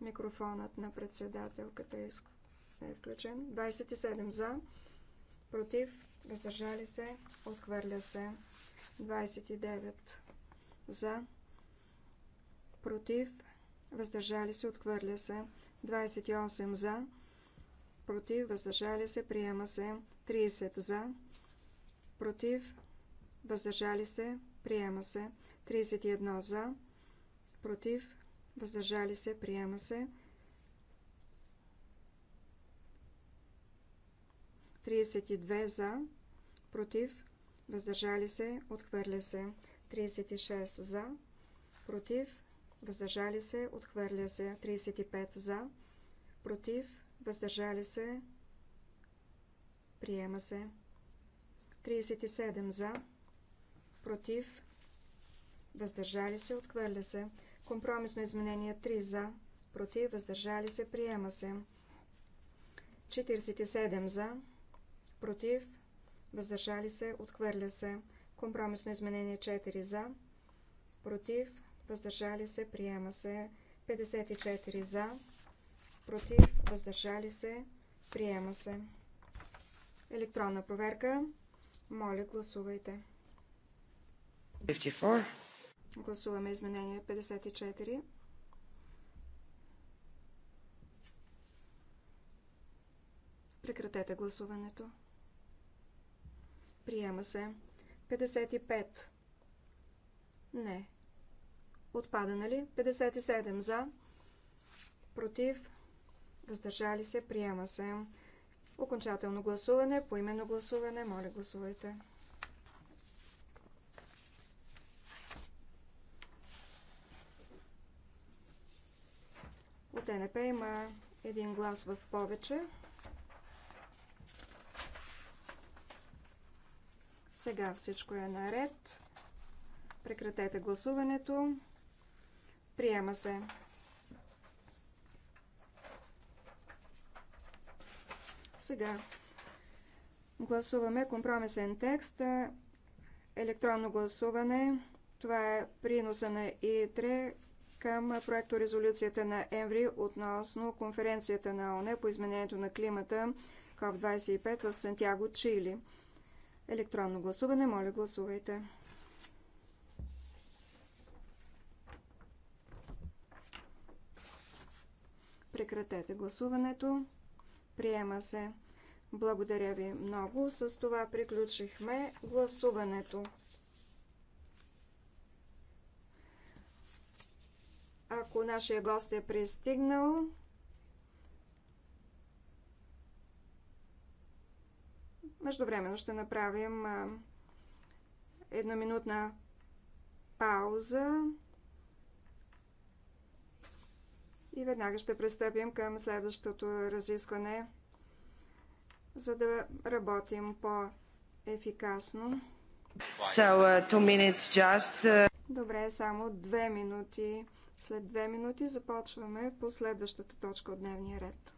Микрофонът на председателката е, е включен. 27 за, против, въздържали се, отхвърля се. 29 за, против, въздържали се, отхвърля се. 28 за, против, въздържали се, приема се. 30 за, против, въздържали се, приема се. 31 за, против, въздържали се, приема се. 32 за, против, въздържали се, отхвърля се. 36 за, против, въздържали се, отхвърля се. 35 за, против, въздържали се, приема се. 37 за, против, въздържали се, отхвърля се. Компромисно изменение 3 за, против, въздържали се, приема се. 47 за, против, въздържали се, отхвърля се. Компромисно изменение 4 за, против, въздържали се, приема се. 54 за, против, въздържали се, приема се. Електронна проверка. Моля, гласувайте. 54. Гласуваме изменение 54. Прекратете гласуването. Приема се. 55. Не. Отпада, нали? 57 за. Против. Въздържали се. Приема се. Окончателно гласуване. Поименно гласуване. Моля, гласувайте. От НП има един глас в повече. Сега всичко е наред. Прекратете гласуването. Приема се. Сега гласуваме компромисен текст. Електронно гласуване. Това е приноса на ИТРЕ към проекторезолюцията на Ември относно конференцията на ОНЕ по изменението на климата КОП-25 в Сантьяго, Чили. Електронно гласуване, моля гласувайте. Прекратете гласуването. Приема се. Благодаря ви много. С това приключихме гласуването. Ако нашия гост е пристигнал, междувременно ще направим едноминутна пауза и веднага ще пристъпим към следващото разискване, за да работим по-ефикасно. So, uh, just... Uh, Добре, само две минути. След две минути започваме по следващата точка от дневния ред.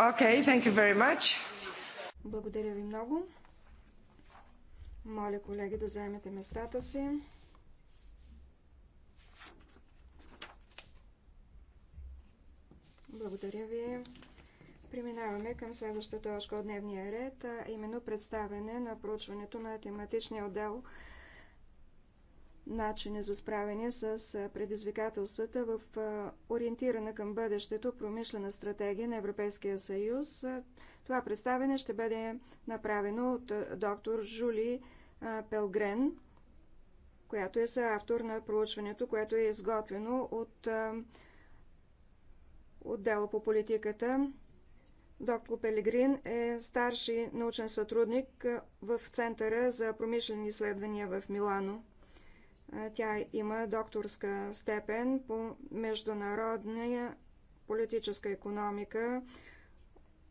Okay, thank you very much. Благодаря ви много. Моля, колеги, да заемете местата си. Благодаря ви. Преминаваме към следващата точка от дневния ред, а именно представяне на проучването на тематичния отдел начини за справяне с предизвикателствата в ориентирана към бъдещето промишлена стратегия на Европейския съюз. Това представене ще бъде направено от доктор Жули Пелгрен, която е съавтор на проучването, което е изготвено от отдела по политиката. Доктор Пелегрин е старши научен сътрудник в Центъра за промишлени изследвания в Милано. Тя има докторска степен по международния политическа економика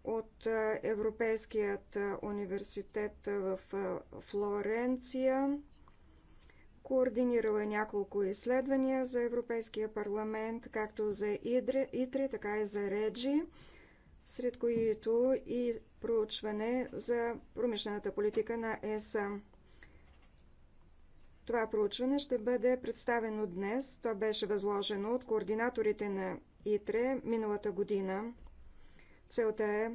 от Европейският университет в Флоренция. Координирала е няколко изследвания за Европейския парламент, както за ИТРИ, така и за РЕДЖИ, сред които и проучване за промишлената политика на ЕСА. Това проучване ще бъде представено днес. То беше възложено от координаторите на ИТРЕ миналата година. Целта е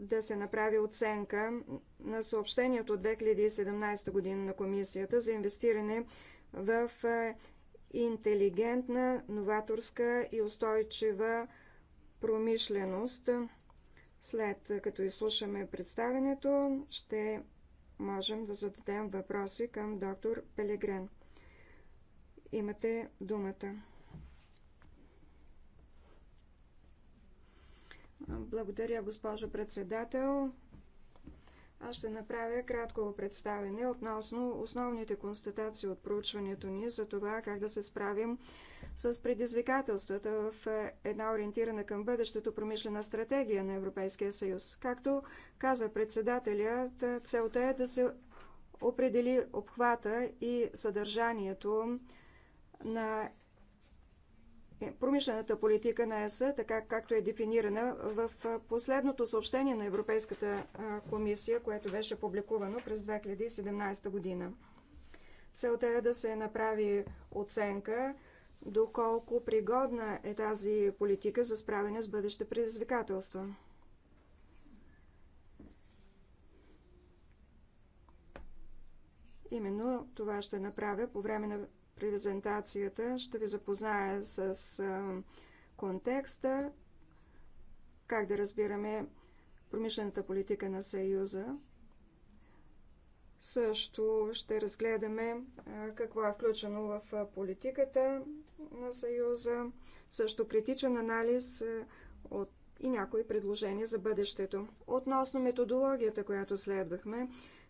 да се направи оценка на съобщението от 2017 година на Комисията за инвестиране в е, интелигентна, новаторска и устойчива промишленост. След като изслушаме представенето, ще можем да зададем въпроси към доктор Пелегрен. Имате думата. Благодаря, госпожо председател. Аз ще направя кратко представене относно основните констатации от проучването ни за това как да се справим с предизвикателствата в е, една ориентирана към бъдещето промишлена стратегия на Европейския съюз. Както каза председателят, целта е да се определи обхвата и съдържанието на промишлената политика на ЕС, така както е дефинирана в последното съобщение на Европейската комисия, което беше публикувано през 2017 година. Целта е да се направи оценка доколко пригодна е тази политика за справяне с бъдещи предизвикателства. Именно това ще направя по време на презентацията ще ви запозная с контекста, как да разбираме промишлената политика на Съюза. Също ще разгледаме какво е включено в политиката на Съюза, също критичен анализ от и някои предложения за бъдещето. Относно методологията, която следвахме,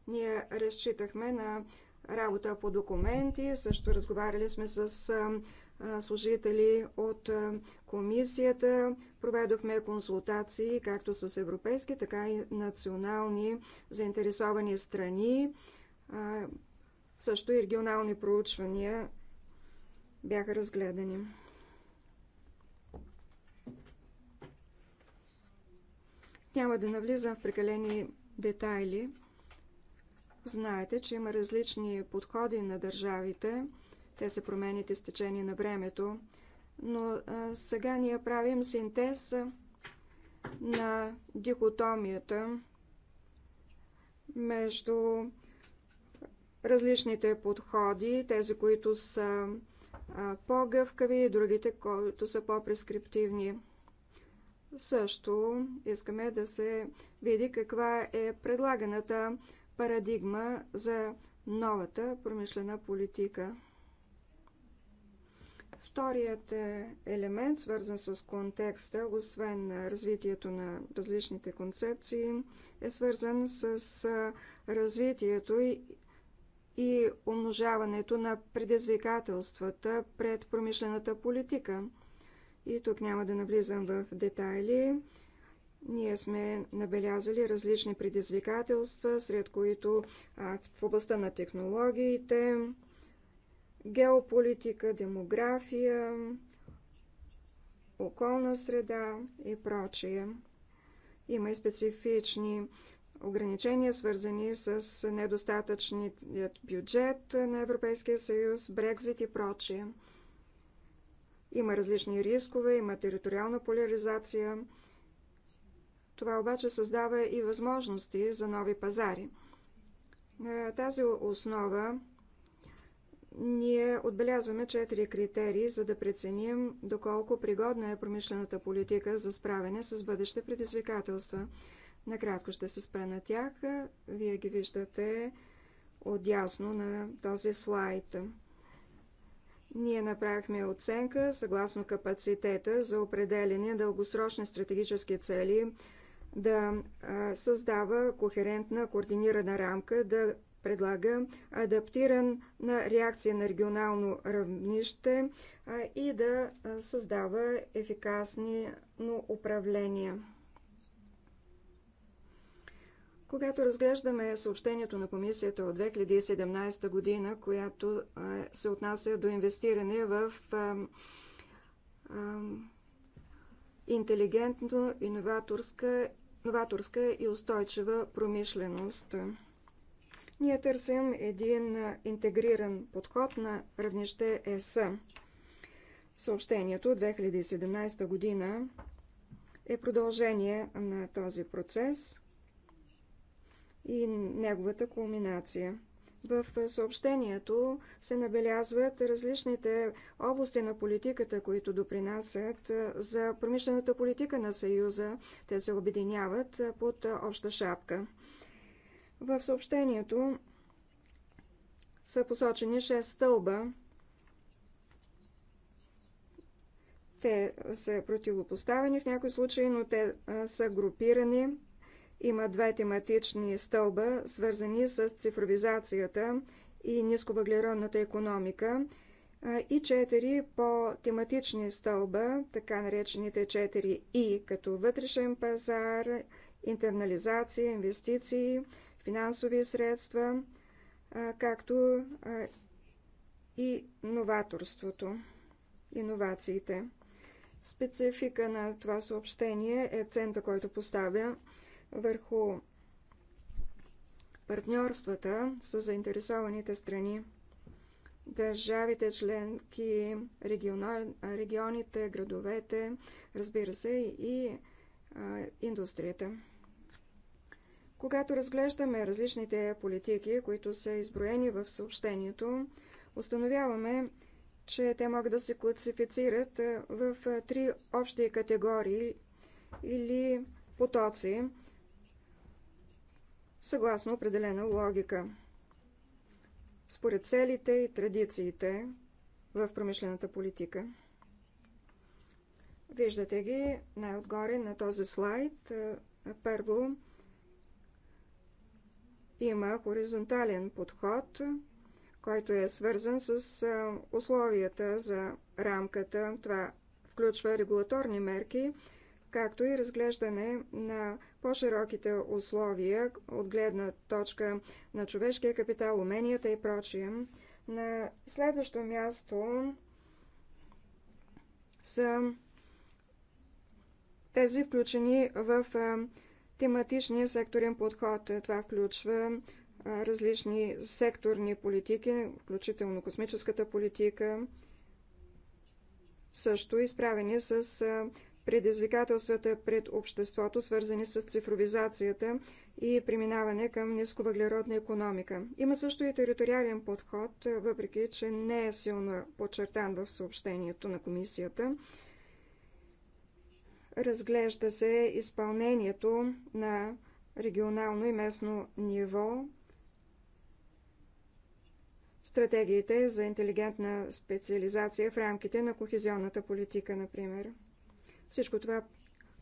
ние разчитахме на работа по документи. Също разговаряли сме с служители от комисията. Проведохме консултации както с европейски, така и национални заинтересовани страни. Също и регионални проучвания бяха разгледани. Няма да навлизам в прекалени детайли. Знаете, че има различни подходи на държавите. Те се променят с течение на времето. Но сега ние правим синтез на дихотомията между различните подходи, тези, които са по-гъвкави и другите, които са по-прескриптивни. Също искаме да се види каква е предлаганата парадигма за новата промишлена политика. Вторият е, елемент, свързан с контекста, освен е, развитието на различните концепции, е свързан с е, развитието и умножаването на предизвикателствата пред промишлената политика. И тук няма да навлизам в детайли. Ние сме набелязали различни предизвикателства, сред които в областта на технологиите, геополитика, демография, околна среда и прочие. Има и специфични ограничения, свързани с недостатъчният бюджет на Европейския съюз, Брекзит и прочие. Има различни рискове, има териториална поляризация – това обаче създава и възможности за нови пазари. На е, тази основа ние отбелязваме четири критерии, за да преценим доколко пригодна е промишлената политика за справяне с бъдеще предизвикателства. Накратко ще се спра на тях. Вие ги виждате отясно на този слайд. Ние направихме оценка съгласно капацитета за определени дългосрочни стратегически цели, да създава кохерентна, координирана рамка, да предлага адаптиран на реакция на регионално равнище и да създава ефикасни управления. Когато разглеждаме съобщението на комисията от 2017 година, която се отнася до инвестиране в интелигентно, иноваторска новаторска и устойчива промишленост. Ние търсим един интегриран подход на равнище ЕС. Съобщението 2017 година е продължение на този процес и неговата кулминация. В съобщението се набелязват различните области на политиката, които допринасят за промишлената политика на Съюза. Те се обединяват под обща шапка. В съобщението са посочени 6 стълба. Те са противопоставени в някои случаи, но те са групирани има две тематични стълба, свързани с цифровизацията и нисковъглеродната економика и четири по-тематични стълба, така наречените четири И, като вътрешен пазар, интернализация, инвестиции, финансови средства, както и новаторството, иновациите. Специфика на това съобщение е цента, който поставя върху партньорствата с заинтересованите страни. Държавите, членки, регионите, градовете, разбира се, и а, индустрията. Когато разглеждаме различните политики, които са изброени в съобщението, установяваме, че те могат да се класифицират в три общи категории или потоци, съгласно определена логика. Според целите и традициите в промишлената политика. Виждате ги най-отгоре на този слайд. Първо има хоризонтален подход, който е свързан с условията за рамката. Това включва регулаторни мерки както и разглеждане на по-широките условия от гледна точка на човешкия капитал, уменията и прочие. На следващо място са тези включени в тематичния секторен подход. Това включва различни секторни политики, включително космическата политика, също изправени с предизвикателствата пред обществото, свързани с цифровизацията и преминаване към нисковъглеродна економика. Има също и териториален подход, въпреки че не е силно подчертан в съобщението на комисията. Разглежда се изпълнението на регионално и местно ниво, стратегиите за интелигентна специализация в рамките на кохезионната политика, например. Всичко това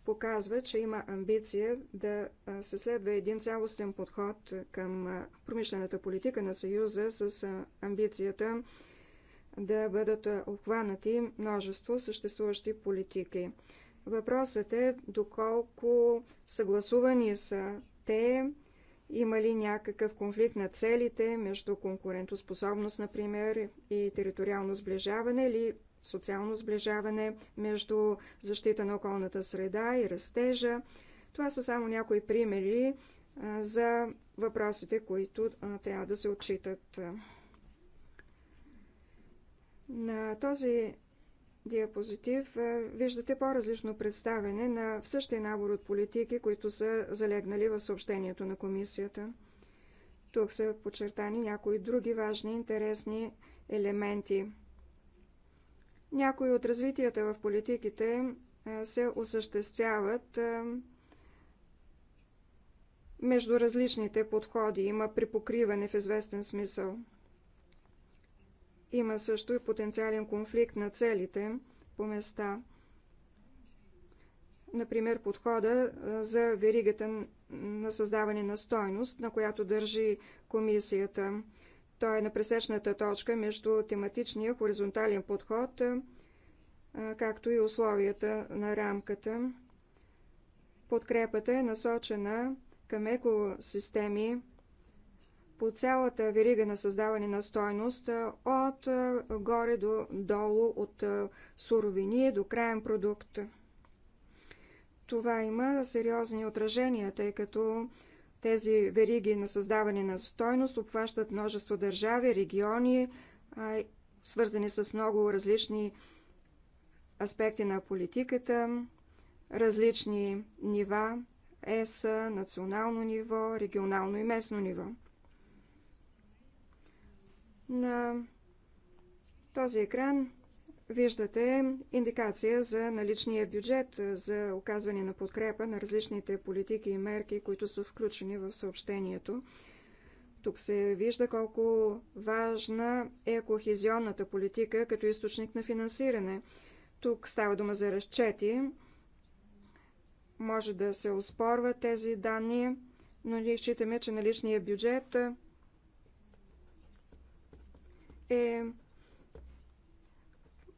показва, че има амбиция да се следва един цялостен подход към промишлената политика на Съюза с амбицията да бъдат обхванати множество съществуващи политики. Въпросът е доколко съгласувани са те, има ли някакъв конфликт на целите между конкурентоспособност, например, и териториално сближаване, или социално сближаване, между защита на околната среда и растежа. Това са само някои примери за въпросите, които трябва да се отчитат. На този диапозитив виждате по-различно представяне на същия набор от политики, които са залегнали в съобщението на комисията. Тук са подчертани някои други важни интересни елементи – някои от развитията в политиките е, се осъществяват е, между различните подходи. Има припокриване в известен смисъл. Има също и потенциален конфликт на целите по места. Например, подхода е, за веригата на създаване на стойност, на която държи комисията. Той е на пресечната точка между тематичния хоризонтален подход, както и условията на рамката. Подкрепата е насочена към екосистеми по цялата верига на създаване на стойност, от горе до долу, от суровини до краен продукт. Това има сериозни отражения, тъй като тези вериги на създаване на стойност обхващат множество държави, региони, свързани с много различни аспекти на политиката, различни нива, ЕС, национално ниво, регионално и местно ниво. На този екран Виждате индикация за наличния бюджет е, за оказване на подкрепа на различните политики и мерки, които са включени в съобщението. Тук се вижда колко важна е кохезионната политика като източник на финансиране. Тук става дума за разчети. Може да се оспорват тези данни, но ние считаме, че наличния бюджет е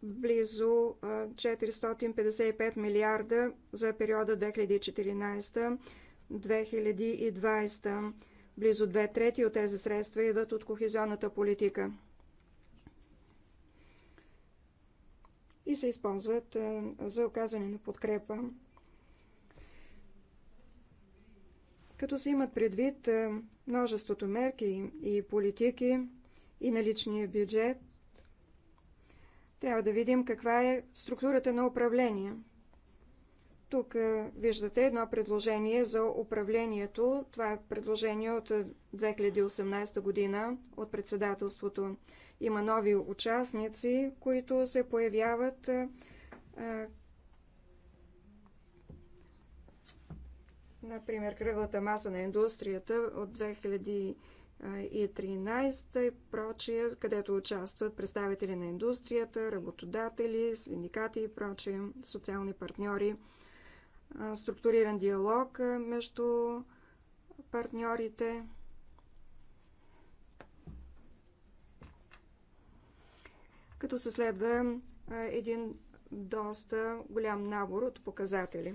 близо 455 милиарда за периода 2014-2020. Близо две трети от тези средства идват от кохезионната политика и се използват за оказване на подкрепа. Като се имат предвид множеството мерки и политики и наличния бюджет, трябва да видим каква е структурата на управление. Тук е, виждате едно предложение за управлението. Това е предложение от 2018 е, година от председателството. Има нови участници, които се появяват. Е, например, кръглата маса на индустрията от 2000 и 13 и прочие, където участват представители на индустрията, работодатели, синдикати и прочие, социални партньори, структуриран диалог между партньорите. като се следва един доста голям набор от показатели.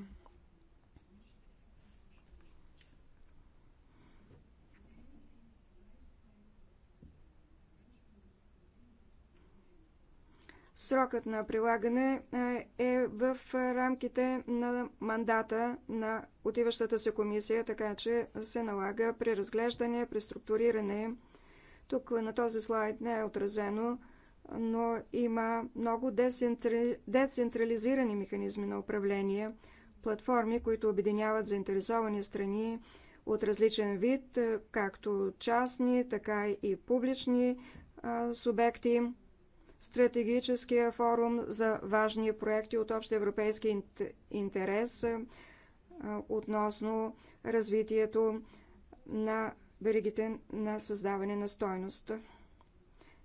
Срокът на прилагане е в рамките на мандата на отиващата се комисия, така че се налага преразглеждане, преструктуриране. Тук на този слайд не е отразено, но има много децентрализирани механизми на управление, платформи, които обединяват заинтересовани страни от различен вид, както частни, така и публични субекти стратегическия форум за важни проекти от общ европейски интерес относно развитието на веригите на създаване на стойност.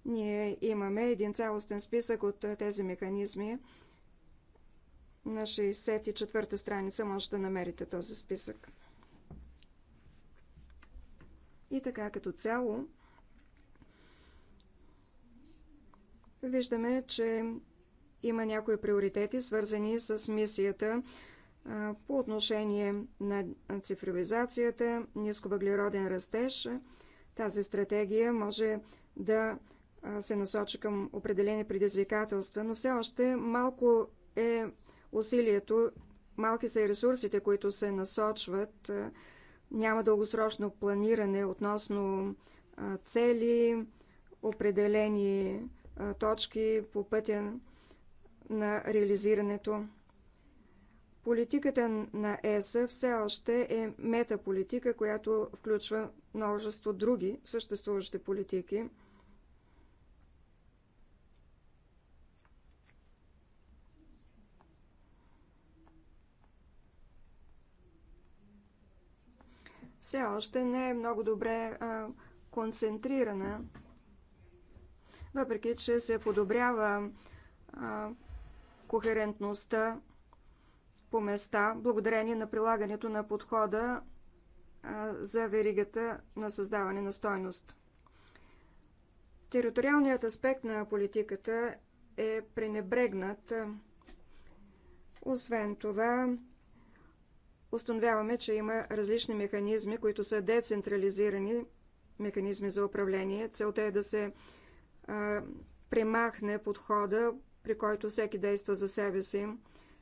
Ние имаме един цялостен списък от тези механизми. На 64-та страница може да намерите този списък. И така като цяло, виждаме, че има някои приоритети, свързани с мисията по отношение на цифровизацията, нисковъглероден растеж. Тази стратегия може да се насочи към определени предизвикателства, но все още малко е усилието, малки са и ресурсите, които се насочват. Няма дългосрочно планиране относно цели, определени точки по пътя на реализирането. Политиката на ЕС все още е метаполитика, която включва множество други съществуващи политики. Все още не е много добре а, концентрирана въпреки че се подобрява а, кохерентността по места, благодарение на прилагането на подхода а, за веригата на създаване на стойност. Териториалният аспект на политиката е пренебрегнат. Освен това, установяваме, че има различни механизми, които са децентрализирани механизми за управление. Целта е да се премахне подхода, при който всеки действа за себе си,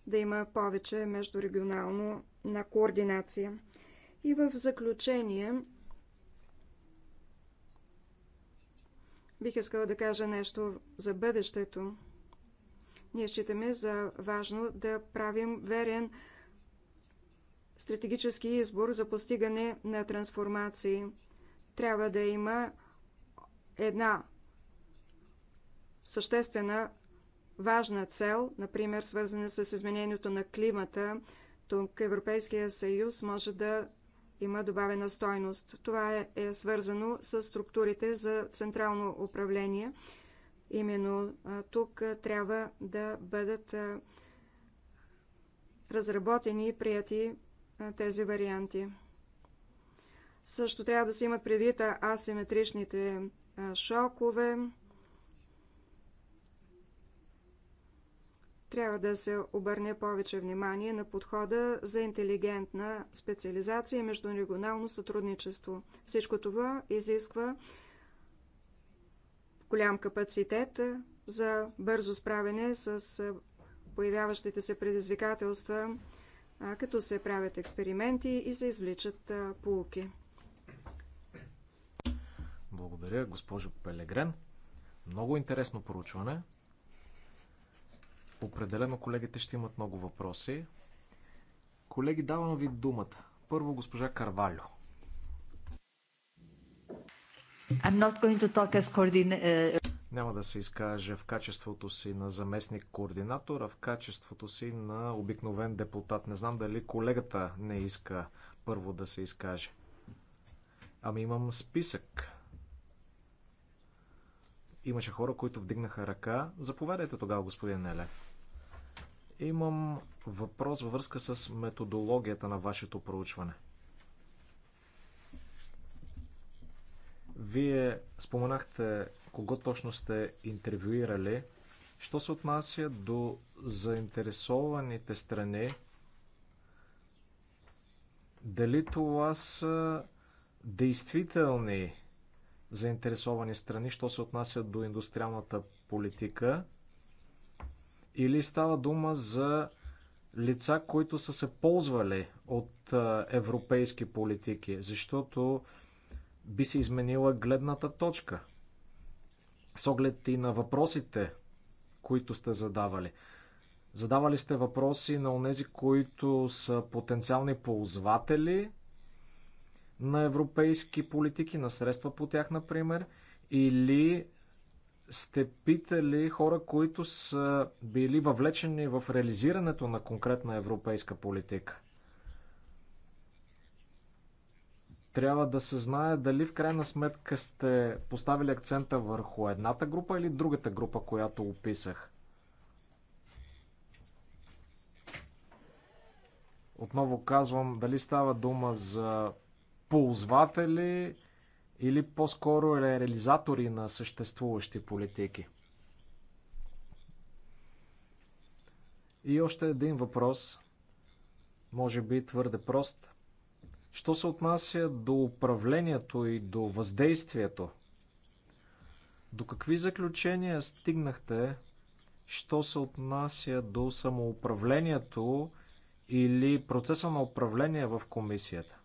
да има повече междурегионално на координация. И в заключение бих искала да кажа нещо за бъдещето. Ние считаме за важно да правим верен стратегически избор за постигане на трансформации. Трябва да има една съществена важна цел, например свързана с изменението на климата, тук Европейския съюз може да има добавена стойност. Това е, е свързано с структурите за централно управление. Именно тук трябва да бъдат разработени и прияти тези варианти. Също трябва да се имат предвид асиметричните шокове, Трябва да се обърне повече внимание на подхода за интелигентна специализация и междурегионално сътрудничество. Всичко това изисква голям капацитет за бързо справяне с появяващите се предизвикателства, като се правят експерименти и се извличат полуки. Благодаря, госпожо Пелегрен. Много интересно проучване. Определено колегите ще имат много въпроси. Колеги, давам ви думата. Първо госпожа Карвалю. I'm not going to talk as е, Няма да се изкаже в качеството си на заместник координатор, а в качеството си на обикновен депутат. Не знам дали колегата не иска първо да се изкаже. Ами имам списък. Имаше хора, които вдигнаха ръка. Заповядайте тогава, господин Елев. Имам въпрос във връзка с методологията на вашето проучване. Вие споменахте кого точно сте интервюирали. Що се отнася до заинтересованите страни, дали това са действителни заинтересовани страни, що се отнася до индустриалната политика – или става дума за лица, които са се ползвали от европейски политики, защото би се изменила гледната точка с оглед и на въпросите, които сте задавали. Задавали сте въпроси на онези, които са потенциални ползватели на европейски политики, на средства по тях, например, или сте питали хора, които са били въвлечени в реализирането на конкретна европейска политика. Трябва да се знае дали в крайна сметка сте поставили акцента върху едната група или другата група, която описах. Отново казвам, дали става дума за ползватели, или по-скоро реализатори на съществуващи политики. И още един въпрос, може би твърде прост. Що се отнася до управлението и до въздействието? До какви заключения стигнахте, що се отнася до самоуправлението или процеса на управление в комисията?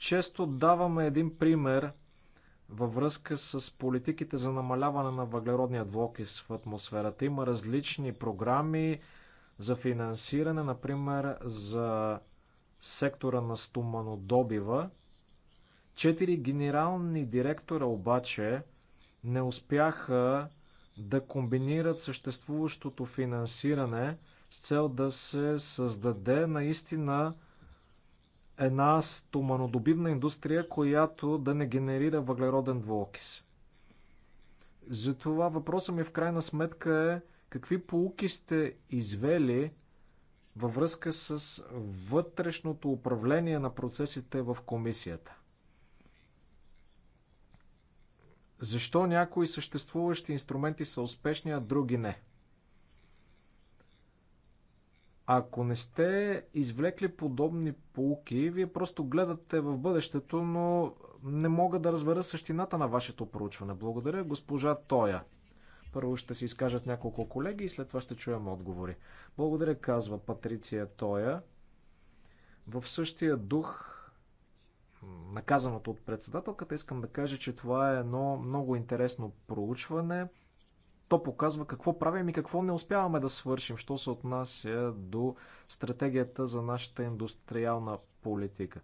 Често даваме един пример във връзка с политиките за намаляване на въглеродния двуокис в атмосферата. Има различни програми за финансиране, например за сектора на стоманодобива. Четири генерални директора обаче не успяха да комбинират съществуващото финансиране с цел да се създаде наистина една стоманодобивна индустрия, която да не генерира въглероден двуокис. Затова въпросът ми в крайна сметка е какви полуки сте извели във връзка с вътрешното управление на процесите в комисията. Защо някои съществуващи инструменти са успешни, а други не? Ако не сте извлекли подобни полуки, вие просто гледате в бъдещето, но не мога да разбера същината на вашето проучване. Благодаря, госпожа Тоя. Първо ще се изкажат няколко колеги и след това ще чуем отговори. Благодаря, казва Патриция Тоя. В същия дух наказаното от председателката, искам да кажа, че това е едно много интересно проучване. То показва какво правим и какво не успяваме да свършим, що се отнася до стратегията за нашата индустриална политика.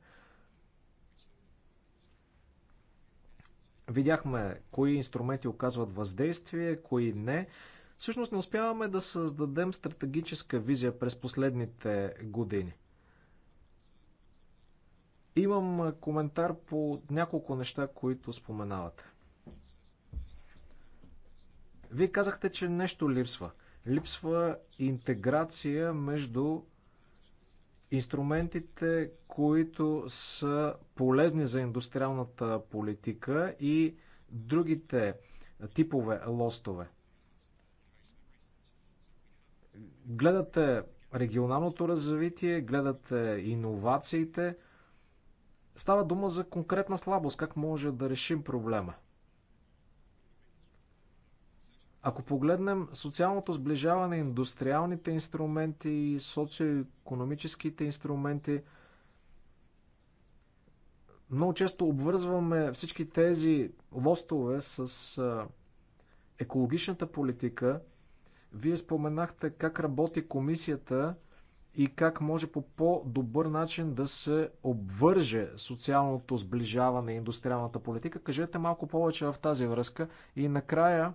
Видяхме кои инструменти оказват въздействие, кои не. Всъщност не успяваме да създадем стратегическа визия през последните години. Имам коментар по няколко неща, които споменавате. Вие казахте, че нещо липсва. Липсва интеграция между инструментите, които са полезни за индустриалната политика и другите типове лостове. Гледате регионалното развитие, гледате иновациите. Става дума за конкретна слабост. Как може да решим проблема? Ако погледнем социалното сближаване, индустриалните инструменти и социоекономическите инструменти, много често обвързваме всички тези лостове с екологичната политика. Вие споменахте как работи комисията и как може по по-добър начин да се обвърже социалното сближаване и индустриалната политика. Кажете малко повече в тази връзка. И накрая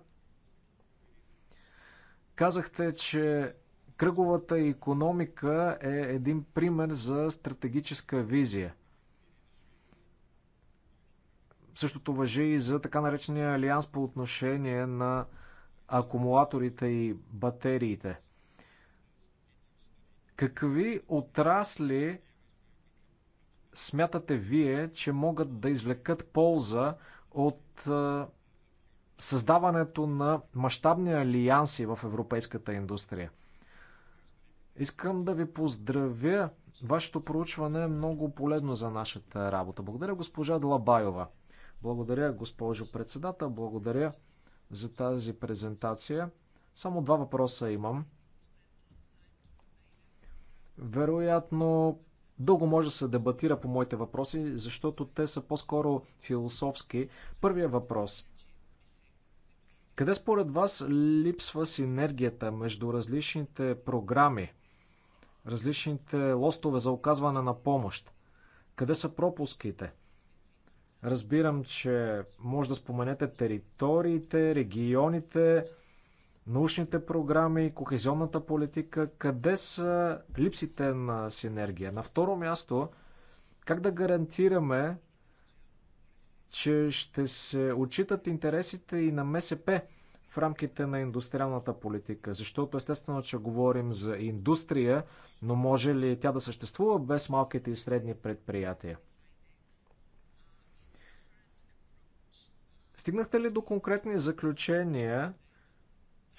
Казахте, че кръговата економика е един пример за стратегическа визия. Същото въжи и за така наречения алианс по отношение на акумулаторите и батериите. Какви отрасли смятате вие, че могат да извлекат полза от създаването на мащабни алианси в европейската индустрия. Искам да ви поздравя. Вашето проучване е много полезно за нашата работа. Благодаря госпожа Длабайова. Благодаря госпожо председател. Благодаря за тази презентация. Само два въпроса имам. Вероятно, дълго може да се дебатира по моите въпроси, защото те са по-скоро философски. Първия въпрос – къде според вас липсва синергията между различните програми, различните лостове за оказване на помощ? Къде са пропуските? Разбирам, че може да споменете териториите, регионите, научните програми, кохезионната политика. Къде са липсите на синергия? На второ място, как да гарантираме че ще се отчитат интересите и на МСП в рамките на индустриалната политика? Защото естествено, че говорим за индустрия, но може ли тя да съществува без малките и средни предприятия? Стигнахте ли до конкретни заключения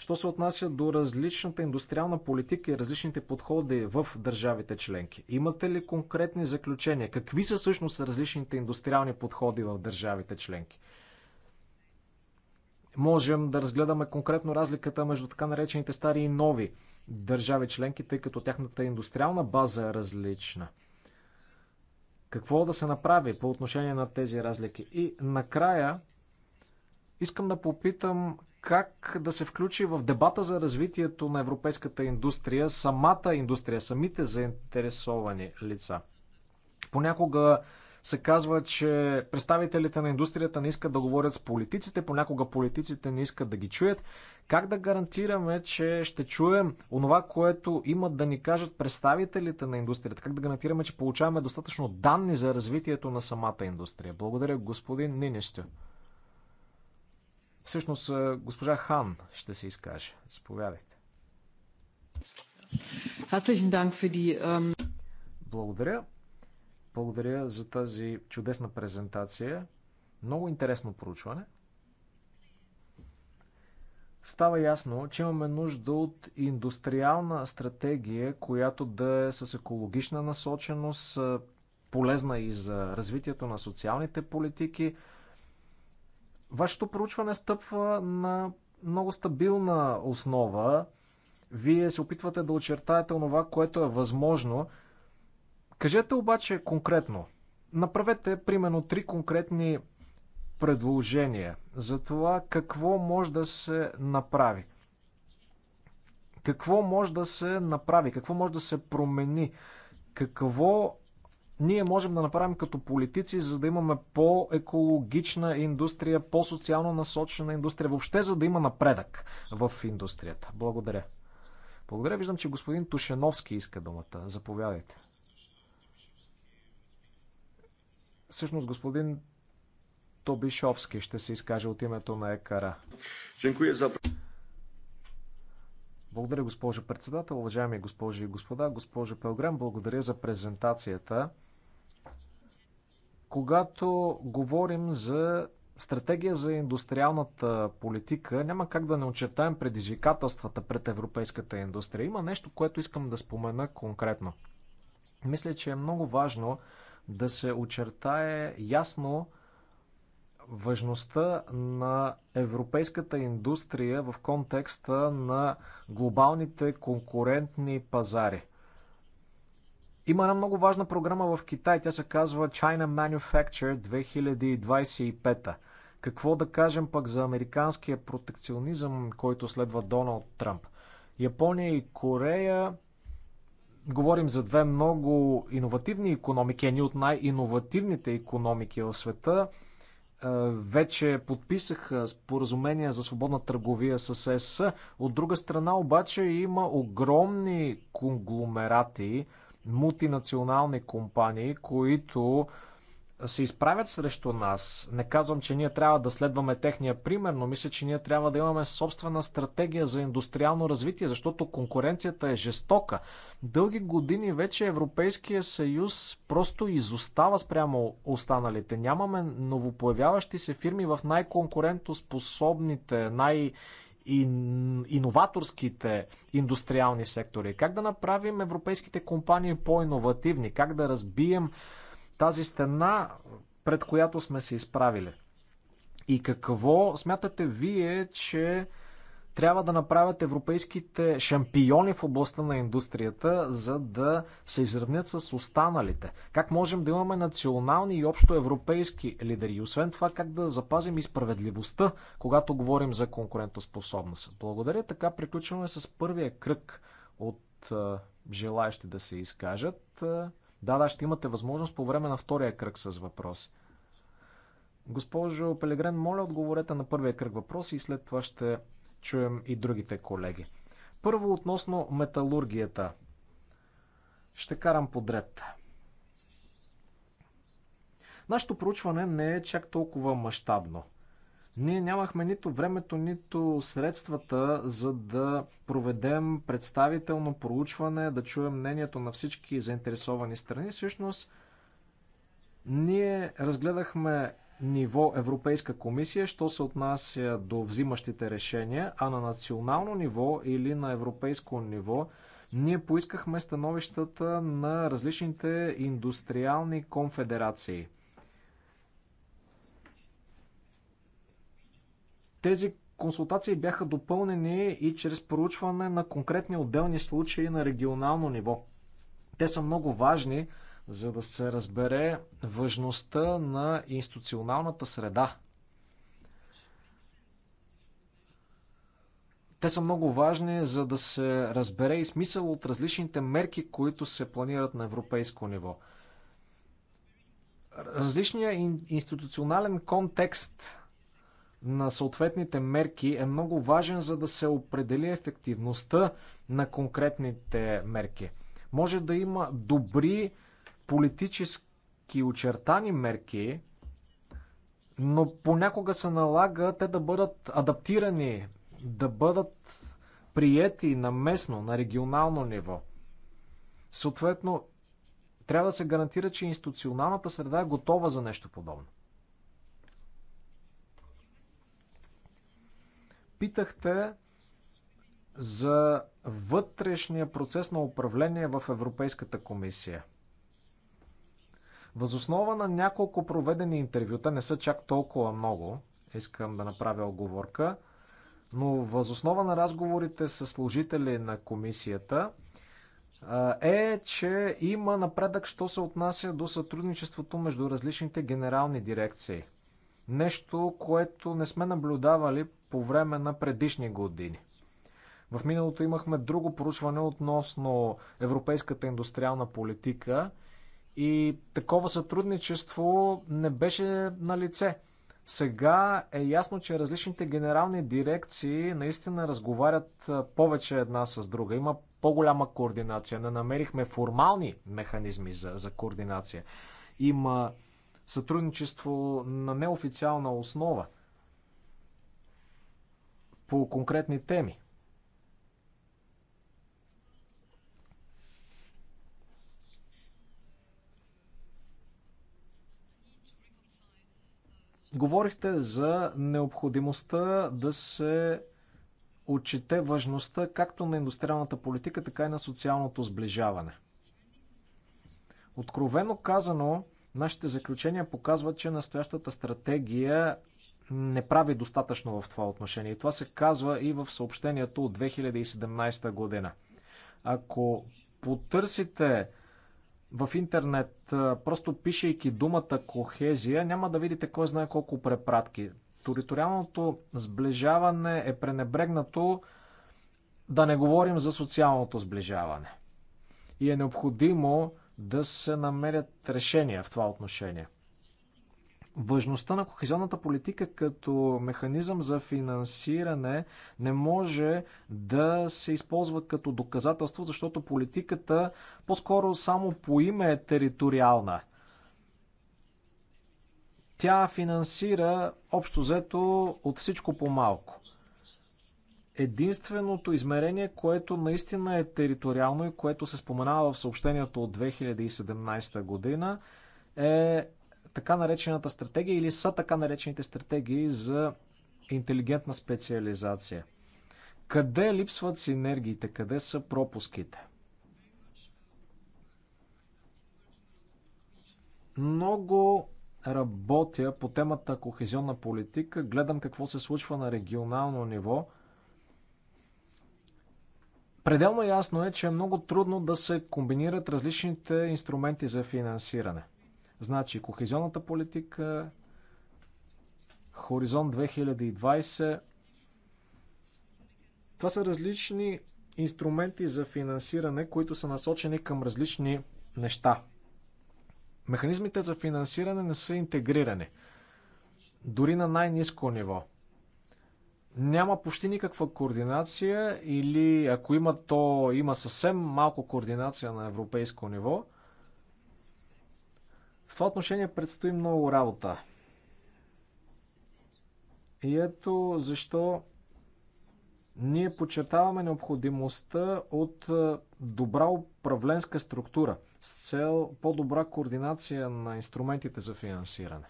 Що се отнася до различната индустриална политика и различните подходи в държавите членки? Имате ли конкретни заключения? Какви са всъщност различните индустриални подходи в държавите членки? Можем да разгледаме конкретно разликата между така наречените стари и нови държави членки, тъй като тяхната индустриална база е различна. Какво да се направи по отношение на тези разлики? И накрая искам да попитам как да се включи в дебата за развитието на европейската индустрия, самата индустрия, самите заинтересовани лица. Понякога се казва, че представителите на индустрията не искат да говорят с политиците, понякога политиците не искат да ги чуят. Как да гарантираме, че ще чуем онова, което имат да ни кажат представителите на индустрията? Как да гарантираме, че получаваме достатъчно данни за развитието на самата индустрия? Благодаря, господин Нинестю. Всъщност, госпожа Хан ще се изкаже. Заповядайте. Благодаря. Благодаря за тази чудесна презентация. Много интересно проучване. Става ясно, че имаме нужда от индустриална стратегия, която да е с екологична насоченост, полезна и за развитието на социалните политики, Вашето проучване стъпва на много стабилна основа. Вие се опитвате да очертаете онова, което е възможно. Кажете обаче конкретно. Направете примерно три конкретни предложения за това какво може да се направи. Какво може да се направи? Какво може да се промени? Какво ние можем да направим като политици, за да имаме по-екологична индустрия, по-социално насочена индустрия, въобще за да има напредък в индустрията? Благодаря. Благодаря. Виждам, че господин Тушеновски иска думата. Заповядайте. Всъщност, господин Тобишовски ще се изкаже от името на ЕКАРА. Благодаря, госпожо председател, уважаеми госпожи и господа. Госпожо Пелграм, благодаря за презентацията когато говорим за стратегия за индустриалната политика, няма как да не очертаем предизвикателствата пред европейската индустрия. Има нещо, което искам да спомена конкретно. Мисля, че е много важно да се очертае ясно важността на европейската индустрия в контекста на глобалните конкурентни пазари. Има една много важна програма в Китай. Тя се казва China Manufacture 2025. Какво да кажем пък за американския протекционизъм, който следва Доналд Трамп? Япония и Корея говорим за две много иновативни економики, едни от най-иновативните економики в света. Вече подписаха споразумения за свободна търговия с ЕС. От друга страна обаче има огромни конгломерати, мултинационални компании, които се изправят срещу нас. Не казвам, че ние трябва да следваме техния пример, но мисля, че ние трябва да имаме собствена стратегия за индустриално развитие, защото конкуренцията е жестока. Дълги години вече Европейския съюз просто изостава спрямо останалите. Нямаме новопоявяващи се фирми в най-конкурентоспособните, най-конкурентоспособните иноваторските индустриални сектори, как да направим европейските компании по-инновативни, как да разбием тази стена, пред която сме се изправили. И какво смятате вие, че трябва да направят европейските шампиони в областта на индустрията, за да се изравнят с останалите. Как можем да имаме национални и общо европейски лидери? И освен това, как да запазим и справедливостта, когато говорим за конкурентоспособност? Благодаря. Така приключваме с първия кръг от желаящи да се изкажат. Да, да, ще имате възможност по време на втория кръг с въпроси. Госпожо Пелегрен, моля отговорете на първия кръг въпроси и след това ще чуем и другите колеги. Първо относно металургията. Ще карам подред. Нашето проучване не е чак толкова мащабно. Ние нямахме нито времето, нито средствата, за да проведем представително проучване, да чуем мнението на всички заинтересовани страни. Всъщност, ние разгледахме ниво Европейска комисия, що се отнася до взимащите решения, а на национално ниво или на европейско ниво ние поискахме становищата на различните индустриални конфедерации. Тези консултации бяха допълнени и чрез проучване на конкретни отделни случаи на регионално ниво. Те са много важни, за да се разбере важността на институционалната среда. Те са много важни, за да се разбере и смисъл от различните мерки, които се планират на европейско ниво. Различният институционален контекст на съответните мерки е много важен, за да се определи ефективността на конкретните мерки. Може да има добри политически очертани мерки, но понякога се налага те да бъдат адаптирани, да бъдат приети на местно, на регионално ниво. Съответно, трябва да се гарантира, че институционалната среда е готова за нещо подобно. Питахте за вътрешния процес на управление в Европейската комисия. Възоснова на няколко проведени интервюта, не са чак толкова много, искам да направя оговорка, но възоснова на разговорите с служители на комисията е, че има напредък, що се отнася до сътрудничеството между различните генерални дирекции. Нещо, което не сме наблюдавали по време на предишни години. В миналото имахме друго проучване относно европейската индустриална политика – и такова сътрудничество не беше на лице. Сега е ясно, че различните генерални дирекции наистина разговарят повече една с друга. Има по-голяма координация. Не намерихме формални механизми за, за координация. Има сътрудничество на неофициална основа по конкретни теми. Говорихте за необходимостта да се отчете важността както на индустриалната политика, така и на социалното сближаване. Откровено казано, нашите заключения показват, че настоящата стратегия не прави достатъчно в това отношение. И това се казва и в съобщението от 2017 година. Ако потърсите в интернет, просто пишейки думата кохезия, няма да видите кой знае колко препратки. Териториалното сближаване е пренебрегнато, да не говорим за социалното сближаване. И е необходимо да се намерят решения в това отношение. Важността на кохезионната политика като механизъм за финансиране не може да се използва като доказателство, защото политиката по-скоро само по име е териториална. Тя финансира общо взето от всичко по-малко. Единственото измерение, което наистина е териториално и което се споменава в съобщението от 2017 година, е така наречената стратегия или са така наречените стратегии за интелигентна специализация? Къде липсват синергиите? Къде са пропуските? Много работя по темата кохезионна политика, гледам какво се случва на регионално ниво. Пределно ясно е, че е много трудно да се комбинират различните инструменти за финансиране. Значи кохезионната политика, Хоризонт 2020. Това са различни инструменти за финансиране, които са насочени към различни неща. Механизмите за финансиране не са интегрирани, дори на най-низко ниво. Няма почти никаква координация или ако има, то има съвсем малко координация на европейско ниво. В това отношение предстои много работа. И ето защо ние подчертаваме необходимостта от е, добра управленска структура с цел по-добра координация на инструментите за финансиране.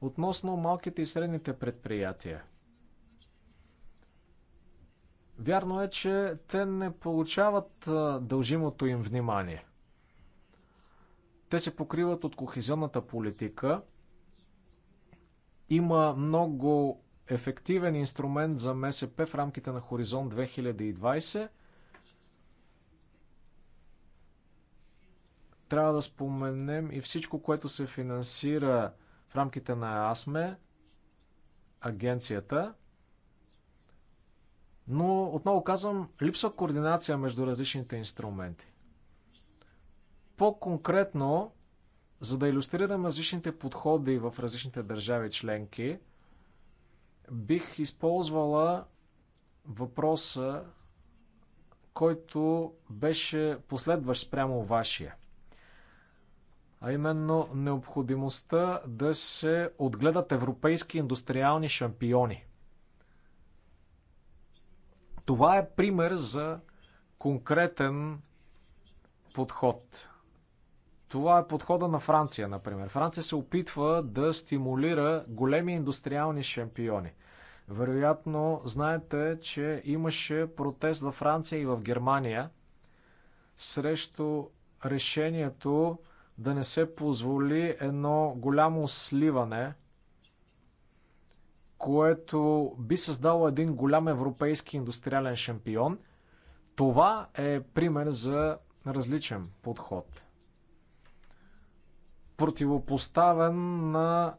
Относно малките и средните предприятия. Вярно е, че те не получават е, дължимото им внимание – те се покриват от кохезионната политика. Има много ефективен инструмент за МСП в рамките на Хоризонт 2020. Трябва да споменем и всичко, което се финансира в рамките на АСМЕ, агенцията. Но отново казвам, липсва координация между различните инструменти. По-конкретно, за да иллюстрирам различните подходи в различните държави членки, бих използвала въпроса, който беше последващ спрямо вашия. А именно необходимостта да се отгледат европейски индустриални шампиони. Това е пример за конкретен подход. Това е подхода на Франция, например. Франция се опитва да стимулира големи индустриални шампиони. Вероятно, знаете, че имаше протест във Франция и в Германия срещу решението да не се позволи едно голямо сливане, което би създало един голям европейски индустриален шампион. Това е пример за различен подход противопоставен на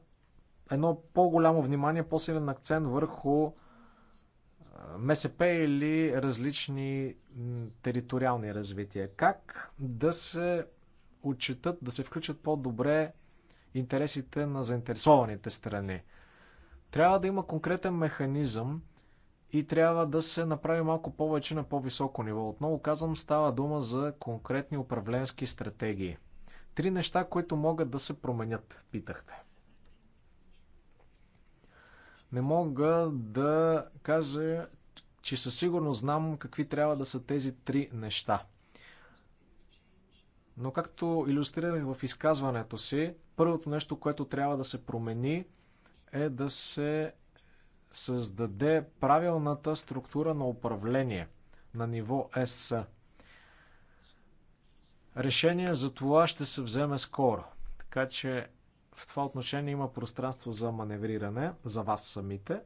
едно по-голямо внимание, по-силен акцент върху е, МСП или различни териториални развития. Как да се отчитат, да се включат по-добре интересите на заинтересованите страни? Трябва да има конкретен механизъм и трябва да се направи малко повече на по-високо ниво. Отново казвам, става дума за конкретни управленски стратегии. Три неща, които могат да се променят, питахте. Не мога да кажа, че със сигурност знам какви трябва да са тези три неща. Но както иллюстрирах в изказването си, първото нещо, което трябва да се промени, е да се създаде правилната структура на управление на ниво ЕС. Решение за това ще се вземе скоро. Така че в това отношение има пространство за маневриране за вас самите.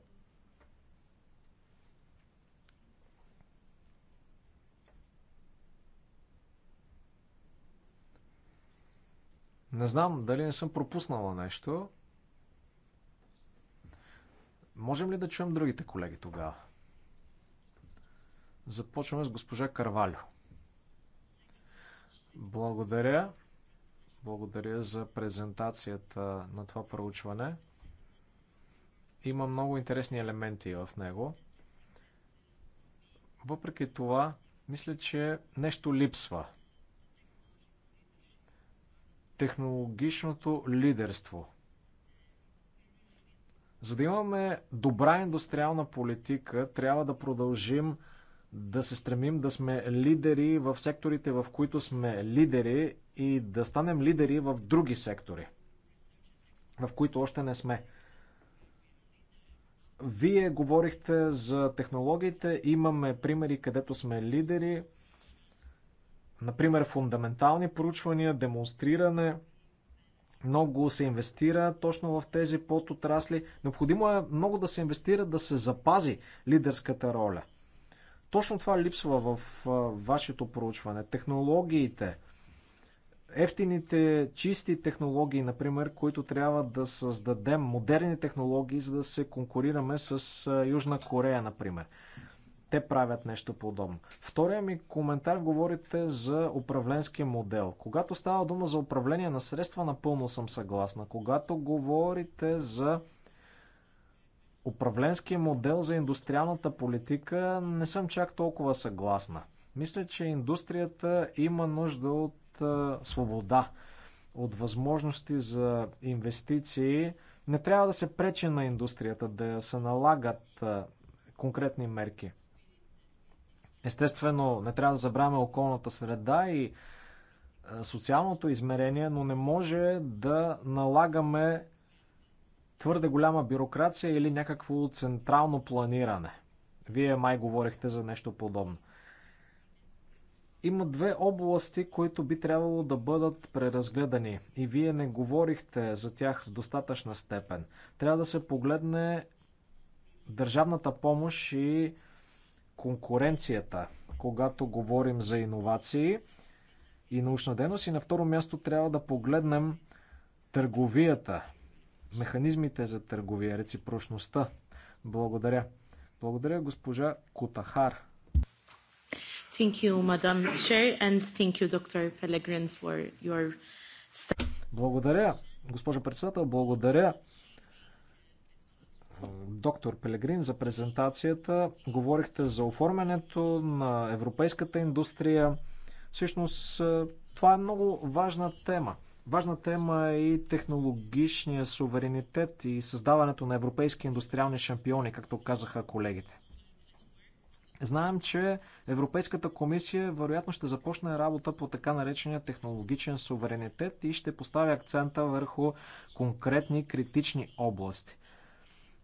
Не знам дали не съм пропуснала нещо. Можем ли да чуем другите колеги тогава? Започваме с госпожа Карвалю. Благодаря. Благодаря за презентацията на това проучване. Има много интересни елементи в него. Въпреки това, мисля, че нещо липсва. Технологичното лидерство. За да имаме добра индустриална политика, трябва да продължим да се стремим да сме лидери в секторите, в които сме лидери и да станем лидери в други сектори, в които още не сме. Вие говорихте за технологиите, имаме примери, където сме лидери, например фундаментални поручвания, демонстриране, много се инвестира точно в тези подотрасли. Необходимо е много да се инвестира, да се запази лидерската роля – точно това липсва в вашето проучване. Технологиите, ефтините, чисти технологии, например, които трябва да създадем, модерни технологии, за да се конкурираме с Южна Корея, например. Те правят нещо подобно. Втория ми коментар говорите за управленския модел. Когато става дума за управление на средства, напълно съм съгласна. Когато говорите за управленския модел за индустриалната политика не съм чак толкова съгласна. Мисля, че индустрията има нужда от свобода, от възможности за инвестиции. Не трябва да се пречи на индустрията, да се налагат конкретни мерки. Естествено, не трябва да забравяме околната среда и социалното измерение, но не може да налагаме твърде голяма бюрокрация или някакво централно планиране. Вие май говорихте за нещо подобно. Има две области, които би трябвало да бъдат преразгледани и вие не говорихте за тях в достатъчна степен. Трябва да се погледне държавната помощ и конкуренцията, когато говорим за иновации и научна дейност. И на второ място трябва да погледнем търговията, механизмите за търговия, реципрочността. Благодаря. Благодаря госпожа Кутахар. Thank you, Madam Chair, and thank you, Dr. Pellegrin, for your... Благодаря, госпожо председател, благодаря доктор Пелегрин за презентацията. Говорихте за оформянето на европейската индустрия. Всъщност това е много важна тема. Важна тема е и технологичния суверенитет и създаването на европейски индустриални шампиони, както казаха колегите. Знаем, че Европейската комисия вероятно ще започне работа по така наречения технологичен суверенитет и ще постави акцента върху конкретни критични области.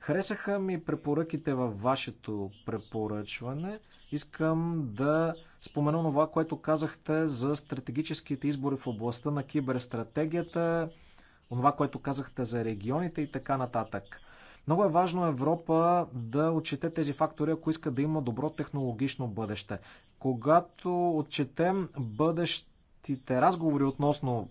Харесаха ми препоръките във вашето препоръчване. Искам да спомена това, което казахте за стратегическите избори в областта на киберстратегията, това, което казахте за регионите и така нататък. Много е важно Европа да отчете тези фактори, ако иска да има добро технологично бъдеще. Когато отчетем бъдещите разговори относно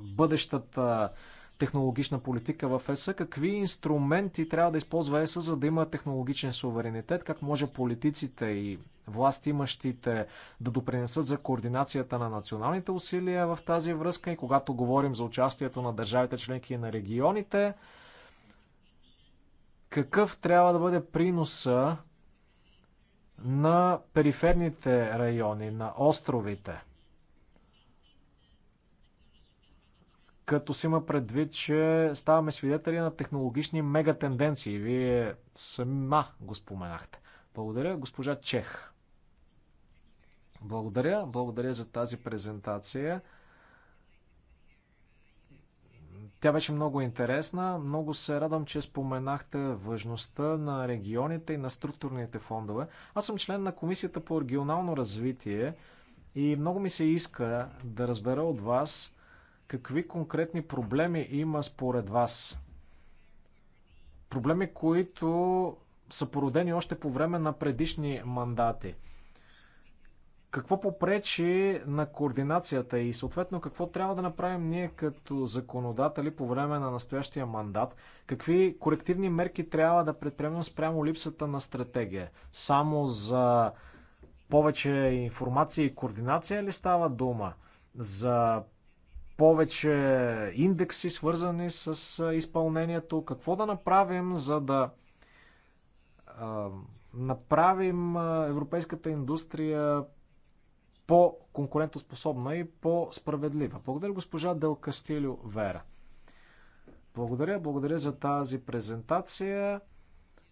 бъдещата технологична политика в ЕСА, какви инструменти трябва да използва ЕСА, за да има технологичен суверенитет, как може политиците и власт имащите да допринесат за координацията на националните усилия в тази връзка и когато говорим за участието на държавите членки и на регионите, какъв трябва да бъде приноса на периферните райони, на островите – като си има предвид, че ставаме свидетели на технологични мегатенденции. Вие сама го споменахте. Благодаря, госпожа Чех. Благодаря, благодаря за тази презентация. Тя беше много интересна. Много се радвам, че споменахте важността на регионите и на структурните фондове. Аз съм член на Комисията по регионално развитие и много ми се иска да разбера от вас Какви конкретни проблеми има според вас? Проблеми, които са породени още по време на предишни мандати. Какво попречи на координацията и съответно какво трябва да направим ние като законодатели по време на настоящия мандат? Какви корективни мерки трябва да предприемем спрямо липсата на стратегия? Само за повече информация и координация ли става дума? За повече индекси, свързани с изпълнението. Какво да направим, за да направим европейската индустрия по-конкурентоспособна и по-справедлива. Благодаря госпожа Дел Кастилю Вера. Благодаря, благодаря за тази презентация.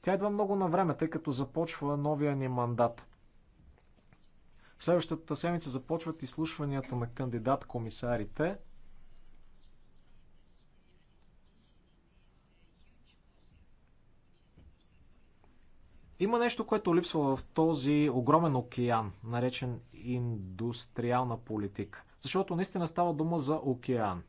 Тя идва много на време, тъй като започва новия ни мандат. Следващата седмица започват изслушванията на кандидат-комисарите. Има нещо, което липсва в този огромен океан, наречен индустриална политика. Защото наистина става дума за океан.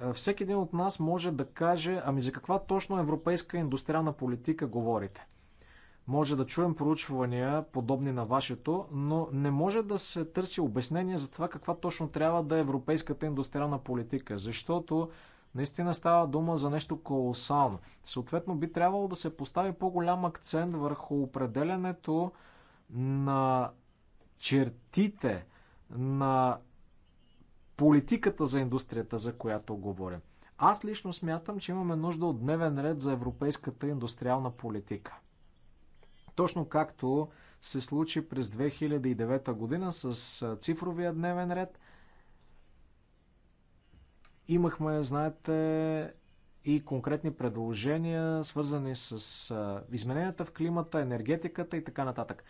Е, всеки един от нас може да каже, ами за каква точно европейска индустриална политика говорите? Може да чуем проучвания, подобни на вашето, но не може да се търси обяснение за това каква точно трябва да е европейската индустриална политика, защото Наистина става дума за нещо колосално. Съответно би трябвало да се постави по-голям акцент върху определенето на чертите на политиката за индустрията, за която говорим. Аз лично смятам, че имаме нужда от дневен ред за европейската индустриална политика. Точно както се случи през 2009 година с цифровия дневен ред, Имахме, знаете, и конкретни предложения, свързани с измененията в климата, енергетиката и така нататък.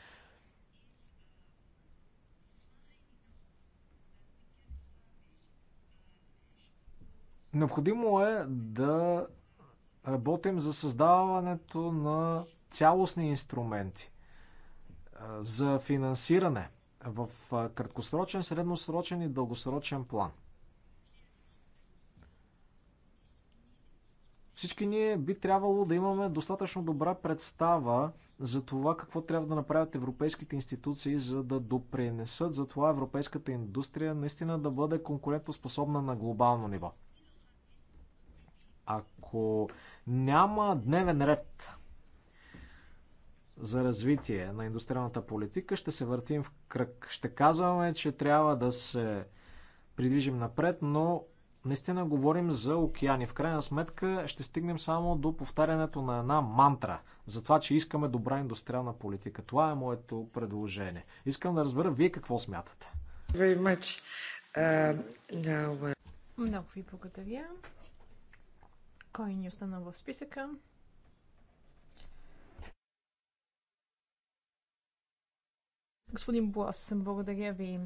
Необходимо е да работим за създаването на цялостни инструменти за финансиране в краткосрочен, средносрочен и дългосрочен план. Всички ние би трябвало да имаме достатъчно добра представа за това какво трябва да направят европейските институции, за да допринесат за това европейската индустрия наистина да бъде конкурентоспособна на глобално ниво. Ако няма дневен ред за развитие на индустриалната политика, ще се въртим в кръг. Ще казваме, че трябва да се придвижим напред, но Наистина говорим за океани. В крайна сметка ще стигнем само до повтарянето на една мантра за това, че искаме добра индустриална политика. Това е моето предложение. Искам да разбера вие какво смятате. Uh, uh, Много ви благодаря. Кой ни остана в списъка? Господин Блас, благодаря ви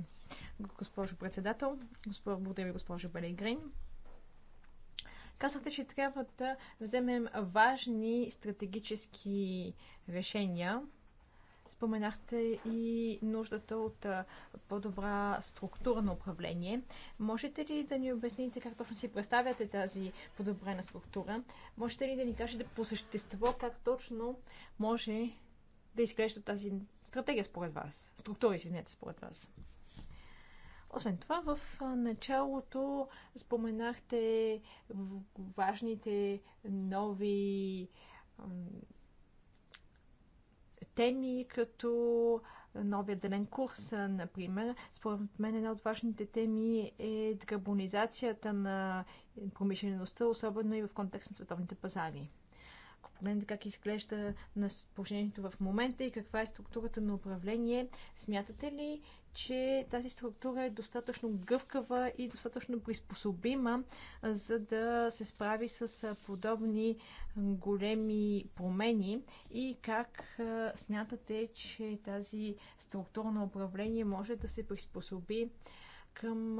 госпожо председател. Госпожо, благодаря ви, госпожо Белегрин. Казахте, че трябва да вземем важни стратегически решения. Споменахте и нуждата от по-добра структура на управление. Можете ли да ни обясните как точно си представяте тази подобрена структура? Можете ли да ни кажете по същество как точно може да изглежда тази стратегия според вас? Структура, извинете, според вас. Освен това, в началото споменахте важните нови теми, като новият зелен курс, например. Според мен една от важните теми е декарбонизацията на промишлеността, особено и в контекст на световните пазари. Ако погледнете как изглежда на положението в момента и каква е структурата на управление, смятате ли, че тази структура е достатъчно гъвкава и достатъчно приспособима, за да се справи с подобни големи промени и как смятате, че тази структура на управление може да се приспособи към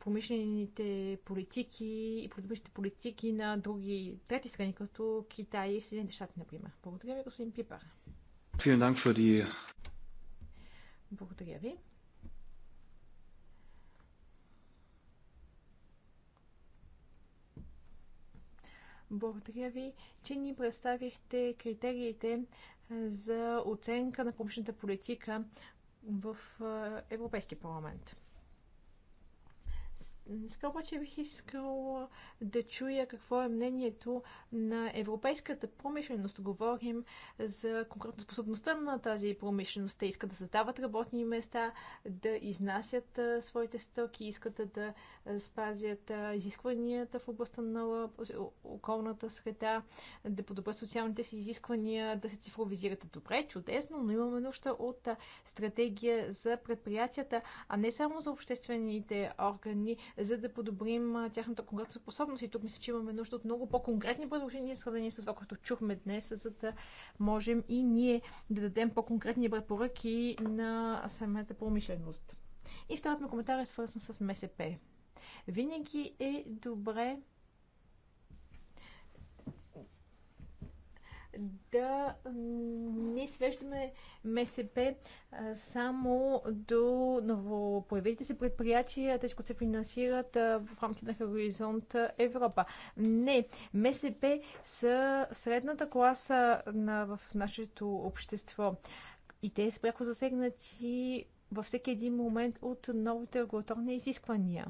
промишлените политики и продовищите политики на други трети страни, като Китай и Съединените щати, например. Благодаря ви, господин Пипар. Благодаря ви. Благодаря ви, че ни представихте критериите за оценка на публичната политика в Европейския парламент. Сега обаче бих искал да чуя какво е мнението на европейската промишленост. Говорим за конкретно способността на тази промишленост. Те искат да създават работни места, да изнасят своите стоки, искат да спазят изискванията в областта на околната среда, да подобрят социалните си изисквания, да се цифровизират добре, чудесно, но имаме нужда от стратегия за предприятията, а не само за обществените органи, за да подобрим тяхната конкретна способност. И тук мисля, че имаме нужда от много по-конкретни предложения, сравнени с това, което чухме днес, за да можем и ние да дадем по-конкретни препоръки на самата промишленост. И вторият ми коментар е свързан с МСП. Винаги е добре да не свеждаме МСП само до новопоявилите се предприятия, тези, които се финансират в рамките на Хоризонт Европа. Не, МСП са средната класа на, в нашето общество. И те са пряко засегнати във всеки един момент от новите регулаторни изисквания.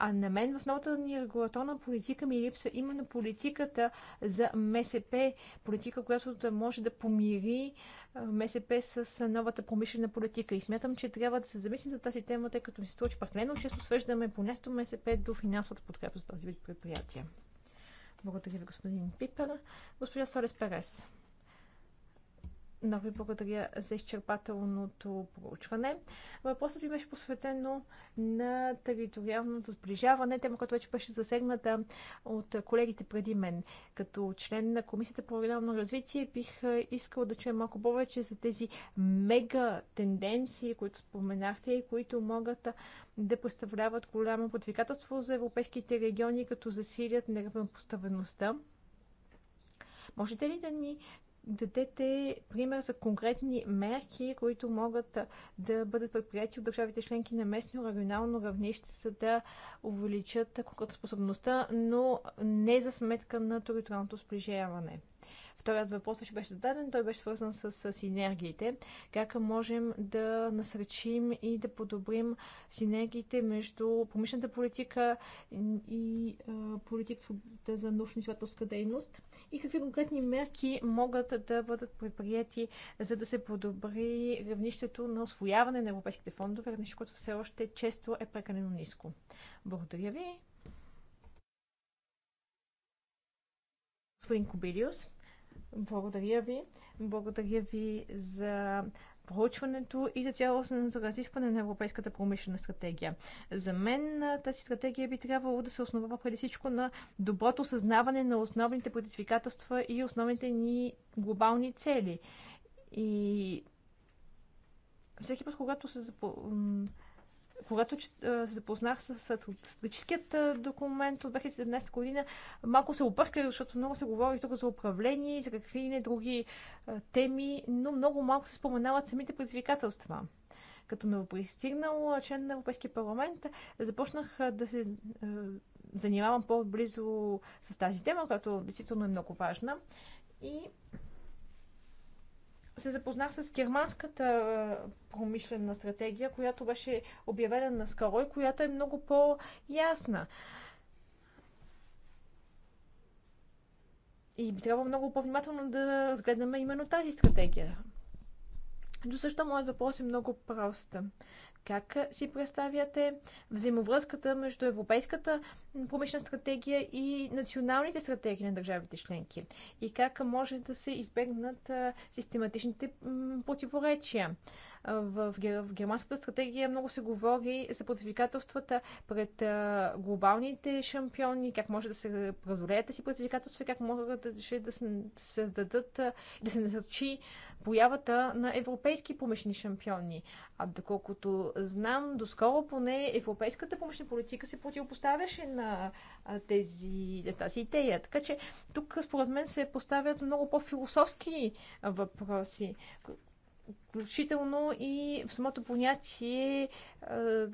А на мен в новата ни регулаторна политика ми липсва именно политиката за МСП, политика, която да може да помири МСП с новата промишлена политика. И смятам, че трябва да се замислим за тази тема, тъй като ми се случи че често свеждаме понятието МСП до финансовата подкрепа за този вид предприятия. Благодаря ви, господин Пипер. Госпожа Солес Перес. Много ви благодаря за изчерпателното проучване. Въпросът ми беше посветено на териториалното сближаване, тема, която вече беше засегната от колегите преди мен. Като член на Комисията по регионално развитие бих искала да чуя малко повече за тези мега тенденции, които споменахте и които могат да представляват голямо подвигателство за европейските региони, като засилят неравнопоставеността. Можете ли да ни дадете пример за конкретни мерки, които могат да бъдат предприяти от държавите членки на местно регионално равнище, за да увеличат конкурентоспособността, но не за сметка на териториалното сближаване. Вторият въпрос ще беше зададен, той беше свързан с, с синергиите. Как можем да насречим и да подобрим синергиите между промишлената политика и а, политиката за научно-изследователска дейност и какви конкретни мерки могат да бъдат предприяти, за да се подобри равнището на освояване на европейските фондове, равнище, което все още често е прекалено ниско. Благодаря ви. Господин Кубилиус. Благодаря ви. Благодаря ви за проучването и за цялостното разискване на Европейската промишлена стратегия. За мен тази стратегия би трябвало да се основава преди всичко на доброто съзнаване на основните предизвикателства и основните ни глобални цели. И всеки път, когато се когато се запознах с стратегическият документ от 2017 година, малко се опърках, защото много се говори тук за управление и за какви и не други теми, но много малко се споменават самите предизвикателства като новопристигнал член на Европейския парламент, започнах да се занимавам по-близо с тази тема, която действително е много важна. И се запознах с германската промишлена стратегия, която беше обявена наскоро и която е много по-ясна. И би трябва много по-внимателно да разгледаме именно тази стратегия. До също моят въпрос е много прост. Как си представяте взаимовръзката между Европейската промишлена стратегия и националните стратегии на държавите членки? И как може да се избегнат систематичните противоречия? В, германската стратегия много се говори за предизвикателствата пред глобалните шампиони, как може да се преодолеят тези предизвикателства, как могат да, да се създадат, да се насърчи появата на европейски промишлени шампиони. А доколкото знам, доскоро поне европейската помощна политика се противопоставяше на тези, тази идея. Така че тук според мен се поставят много по-философски въпроси включително и в самото понятие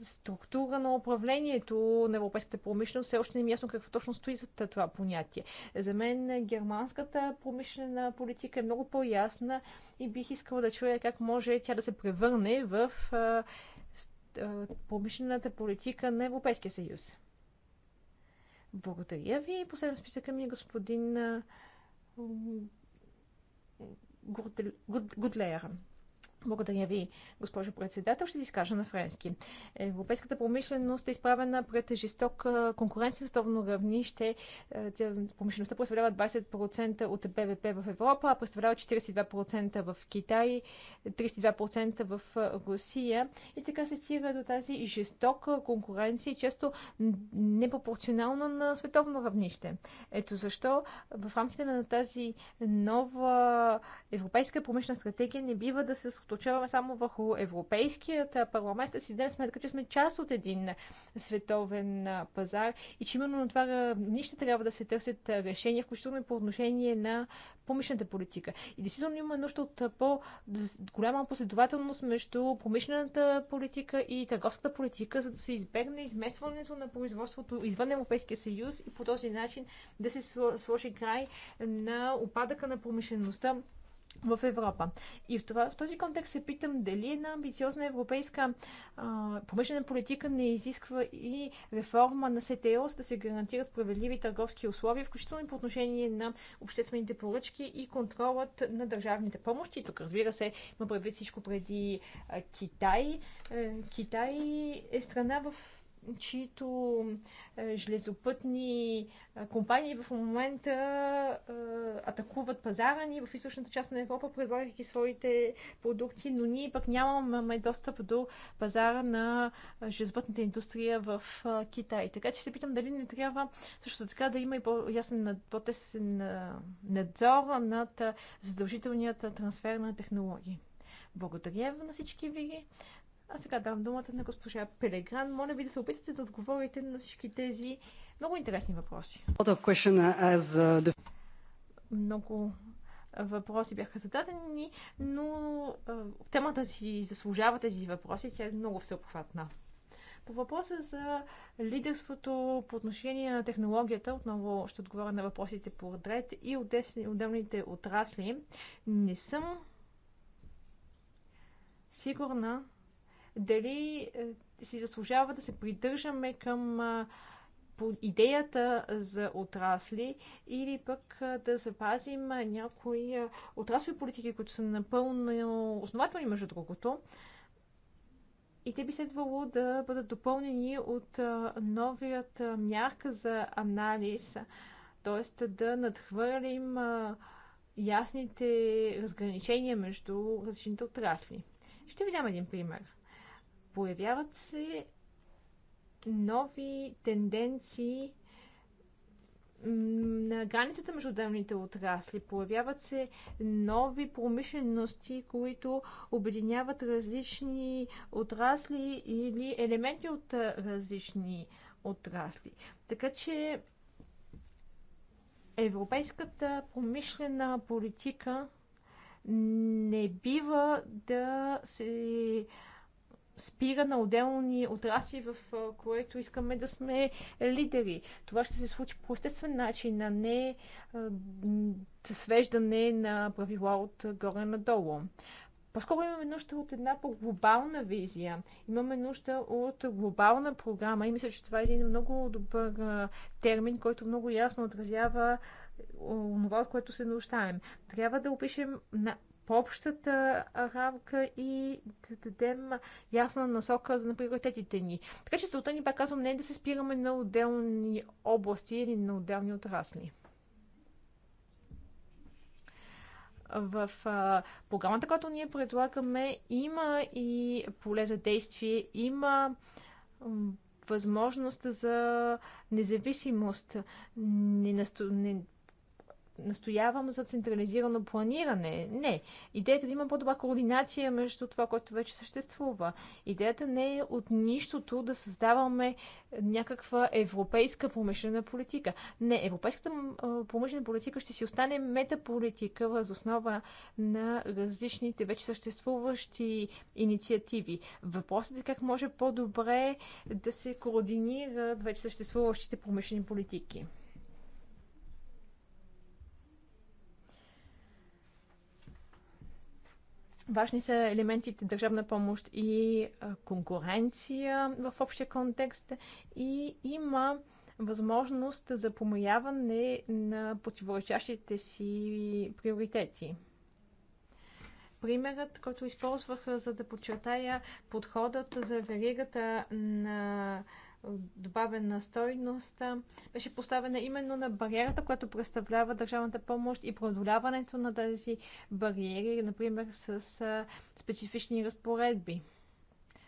структура на управлението на европейската промишленост, все още не е ясно какво точно стои за това понятие. За мен германската промишлена политика е много по-ясна и бих искала да чуя как може тя да се превърне в промишлената политика на Европейския съюз. Благодаря ви. Последно списъка ми е господин good благодаря ви, госпожо председател. Ще си изкажа на френски. Европейската промишленост е изправена пред жесток конкуренция на световно равнище. Промишлеността представлява 20% от БВП в Европа, а представлява 42% в Китай, 32% в Русия. И така се стига до тази жестока конкуренция, често непропорционална на световно равнище. Ето защо в рамките на тази нова европейска промишлена стратегия не бива да се съсредоточаваме само върху Европейският парламент, а си дадем сметка, че сме част от един световен пазар и че именно на това равнище трябва да се търсят решения, включително и по отношение на промишлената политика. И действително има нужда от по-голяма последователност между промишлената политика и търговската политика, за да се избегне изместването на производството извън Европейския съюз и по този начин да се сложи край на опадъка на промишлеността в Европа. И в, това, в този контекст се питам дали една амбициозна европейска а, промишлена политика не изисква и реформа на СТО, за да се гарантират справедливи търговски условия, включително и по отношение на обществените поръчки и контролът на държавните помощи. тук, разбира се, има предвид всичко преди а, Китай. А, е, Китай е страна в чието е, железопътни е, компании в момента е, атакуват пазара ни в източната част на Европа, предлагайки своите продукти, но ние пък нямаме достъп до пазара на железопътната индустрия в Китай. Така че се питам дали не трябва също така да има и по-ясен, по-тесен надзор над задължителният трансфер на технологии. Благодаря на всички ви. А сега давам думата на госпожа Пелегран. Моля ви да се опитате да отговорите на всички тези много интересни въпроси. Uh, много въпроси бяха зададени, но темата си заслужава тези въпроси. Тя е много всеобхватна. По въпроса за лидерството по отношение на технологията, отново ще отговоря на въпросите по ред и отделните отрасли. Не съм сигурна дали е, си заслужава да се придържаме към по идеята за отрасли или пък да запазим някои отрасли политики, които са напълно основателни, между другото. И те би следвало да бъдат допълнени от новият мярка за анализ, т.е. да надхвърлим ясните разграничения между различните отрасли. Ще ви дам един пример. Появяват се нови тенденции на границата между отделните отрасли. Появяват се нови промишлености, които обединяват различни отрасли или елементи от различни отрасли. Така че европейската промишлена политика не бива да се спира на отделни отрасли, в което искаме да сме лидери. Това ще се случи по естествен начин, а не свеждане на правила от горе надолу. По-скоро имаме нужда от една по-глобална визия. Имаме нужда от глобална програма и мисля, че това е един много добър термин, който много ясно отразява онова, от което се нуждаем. Трябва да опишем на по общата рамка и да дадем ясна насока на приоритетите ни. Така че целта ни, пак казвам, не е да се спираме на отделни области или на отделни отрасли. в а, програмата, която ние предлагаме, има и поле за действие, има възможност за независимост. Не, не настоявам за централизирано планиране. Не. Идеята е да има по-добра координация между това, което вече съществува. Идеята не е от нищото да създаваме някаква европейска промишлена политика. Не, европейската промишлена политика ще си остане метаполитика въз основа на различните вече съществуващи инициативи. Въпросът е как може по-добре да се координират вече съществуващите промишлени политики. Важни са елементите държавна помощ и конкуренция в общия контекст и има възможност за помояване на противоречащите си приоритети. Примерът, който използвах за да подчертая подходът за веригата на добавена стойност беше поставена именно на бариерата, която представлява държавната помощ и преодоляването на тези бариери, например с специфични разпоредби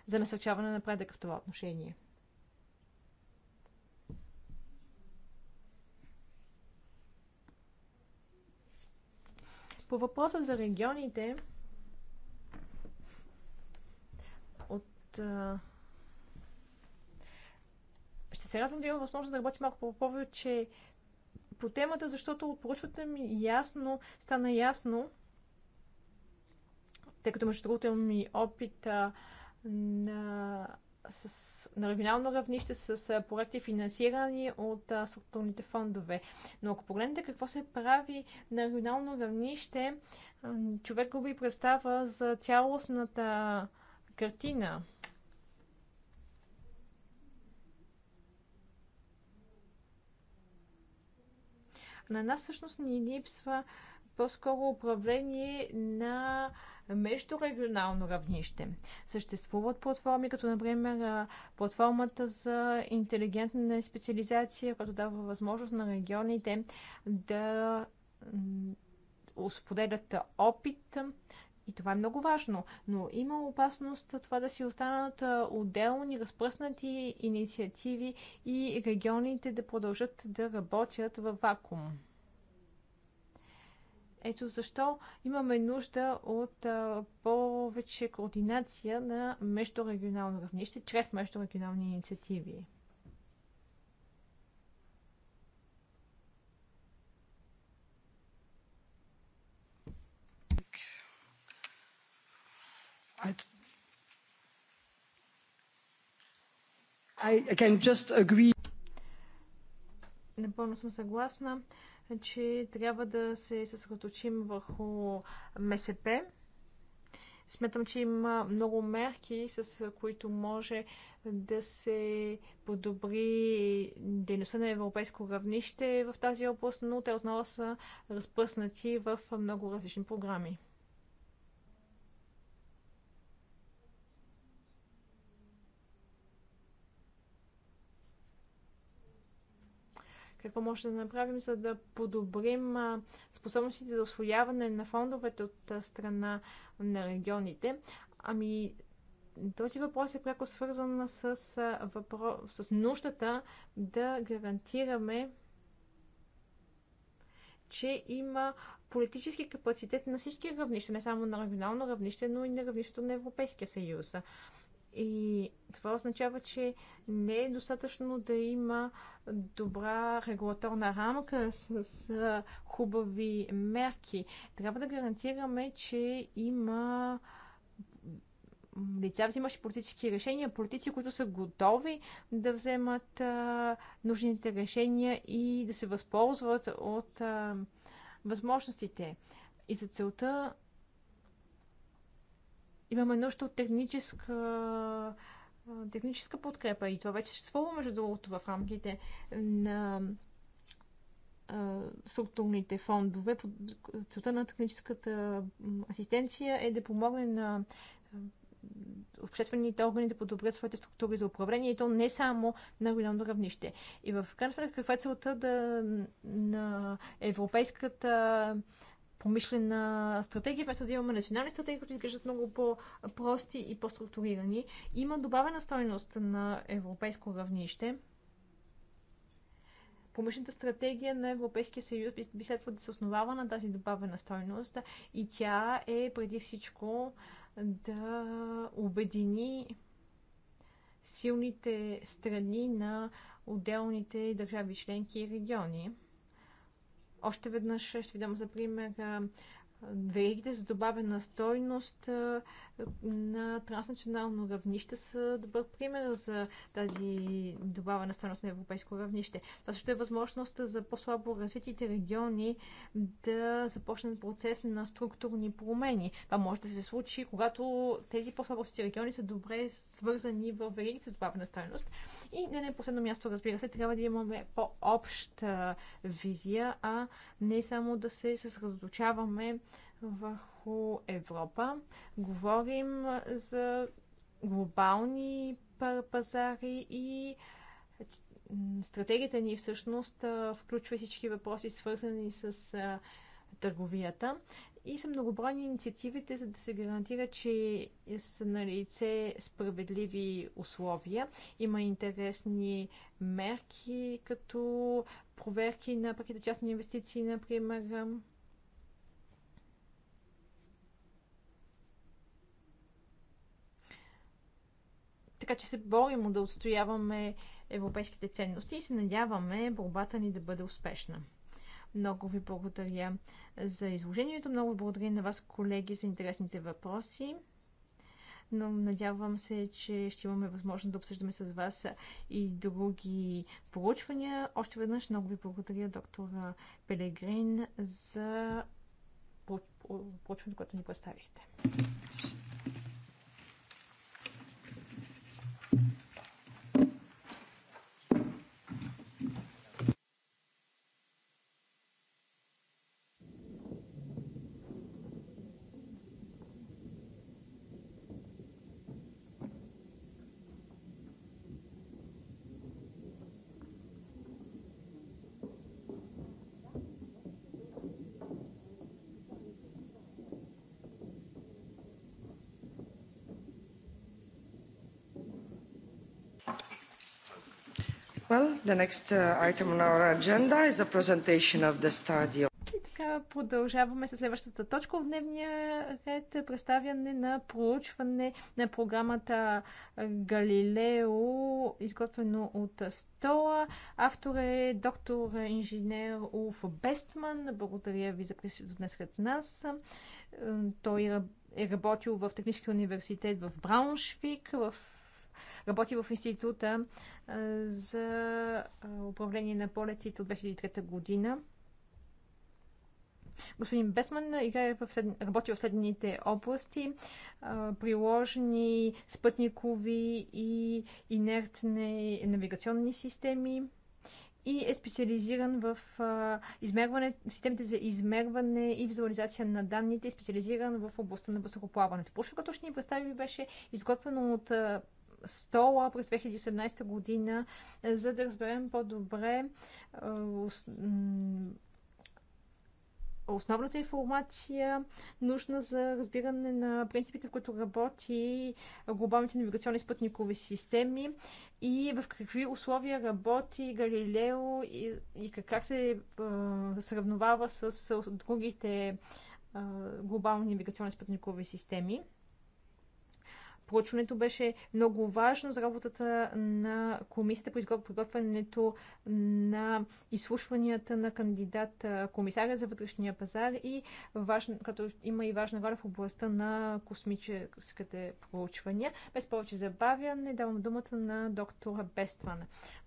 за насърчаване на напредък в това отношение. По въпроса за регионите, от се радвам да имам възможност да работя малко повече по темата, защото от поручвата ми ясно стана ясно, тъй като между другото имам и опита на, с, на регионално равнище с проекти финансирани от а, структурните фондове. Но ако погледнете какво се прави на регионално равнище, човек би представа за цялостната картина. На нас всъщност ни липсва по-скоро управление на междурегионално равнище. Съществуват платформи, като например платформата за интелигентна специализация, която дава възможност на регионите да споделят опит и това е много важно, но има опасност това да си останат отделни, разпръснати инициативи и регионите да продължат да работят във вакуум. Ето защо имаме нужда от а, повече координация на междурегионално равнище, чрез междурегионални инициативи. I can just agree. Напълно съм съгласна, че трябва да се съсредоточим върху МСП. Смятам, че има много мерки, с които може да се подобри дейността на европейско равнище в тази област, но те отново са разпръснати в много различни програми. какво може да направим, за да подобрим способностите за освояване на фондовете от страна на регионите. Ами, този въпрос е пряко свързан с, въпрос, с нуждата да гарантираме, че има политически капацитет на всички равнища, не само на регионално равнище, но и на равнището на Европейския съюз. И това означава, че не е достатъчно да има добра регулаторна рамка с, с хубави мерки. Трябва да гарантираме, че има лица, взимащи политически решения, политици, които са готови да вземат а, нужните решения и да се възползват от а, възможностите. И за целта имаме нужда от техническа, техническа подкрепа и това вече съществува, между другото, в рамките на структурните фондове. Целта на техническата асистенция е да помогне на обществените органи да подобрят своите структури за управление и то не само на голямо равнище. И в крайна сметка, каква е целта да, на Европейската промишлена стратегия, вместо да имаме национални стратегии, които изглеждат много по-прости и по-структурирани. Има добавена стойност на европейско равнище. Промишлената стратегия на Европейския съюз би следва да се основава на тази добавена стойност и тя е преди всичко да обедини силните страни на отделните държави членки и региони. Още веднъж ще ви дам за пример веригите за добавена стойност на транснационално равнище са добър пример за тази добавена стойност на европейско равнище. Това също е възможност за по-слабо развитите региони да започнат процес на структурни промени. Това може да се случи, когато тези по-слабо региони са добре свързани в веригите с добавена стойност. И не на последно място, разбира се, трябва да имаме по-обща визия, а не само да се съсредоточаваме върху върху Европа. Говорим за глобални пазари и стратегията ни всъщност включва всички въпроси, свързани с търговията. И са многобройни инициативите, за да се гарантира, че са на лице справедливи условия. Има интересни мерки, като проверки на пакета частни инвестиции, например, Така че се борим да отстояваме европейските ценности и се надяваме борбата ни да бъде успешна. Много ви благодаря за изложението. Много благодаря на вас, колеги, за интересните въпроси. Но надявам се, че ще имаме възможност да обсъждаме с вас и други проучвания. Още веднъж много ви благодаря, доктор Пелегрин, за проучването, което ни представихте. Well, the next uh, item on our agenda is a presentation of the study. И така продължаваме с следващата точка от дневния ред представяне на проучване на програмата Галилео, изготвено от Стола. Автор е доктор инженер Улф Бестман. Благодаря ви за присъствието днес сред нас. Той е работил в Техническия университет в Брауншвик, в работи в института за управление на полетите от 2003 година. Господин Бесман играе в след... работи в следните области приложени спътникови и инертни навигационни системи и е специализиран в измерване, системите за измерване и визуализация на данните, е специализиран в областта на въздухоплаването. Пушката, ще ни представи, беше изготвено от стола през 2017 година, е, за да разберем по-добре е, основната информация, нужна за разбиране на принципите, в които работи глобалните навигационни спътникови системи и в какви условия работи Галилео и, и как се е, сравновава с, другите глобални навигационни спътникови системи. Проучването беше много важно за работата на комисията по изготвянето на изслушванията на кандидат комисаря за вътрешния пазар и важно, като има и важна роля в областта на космическите проучвания. Без повече забавяне давам думата на доктора Бестван.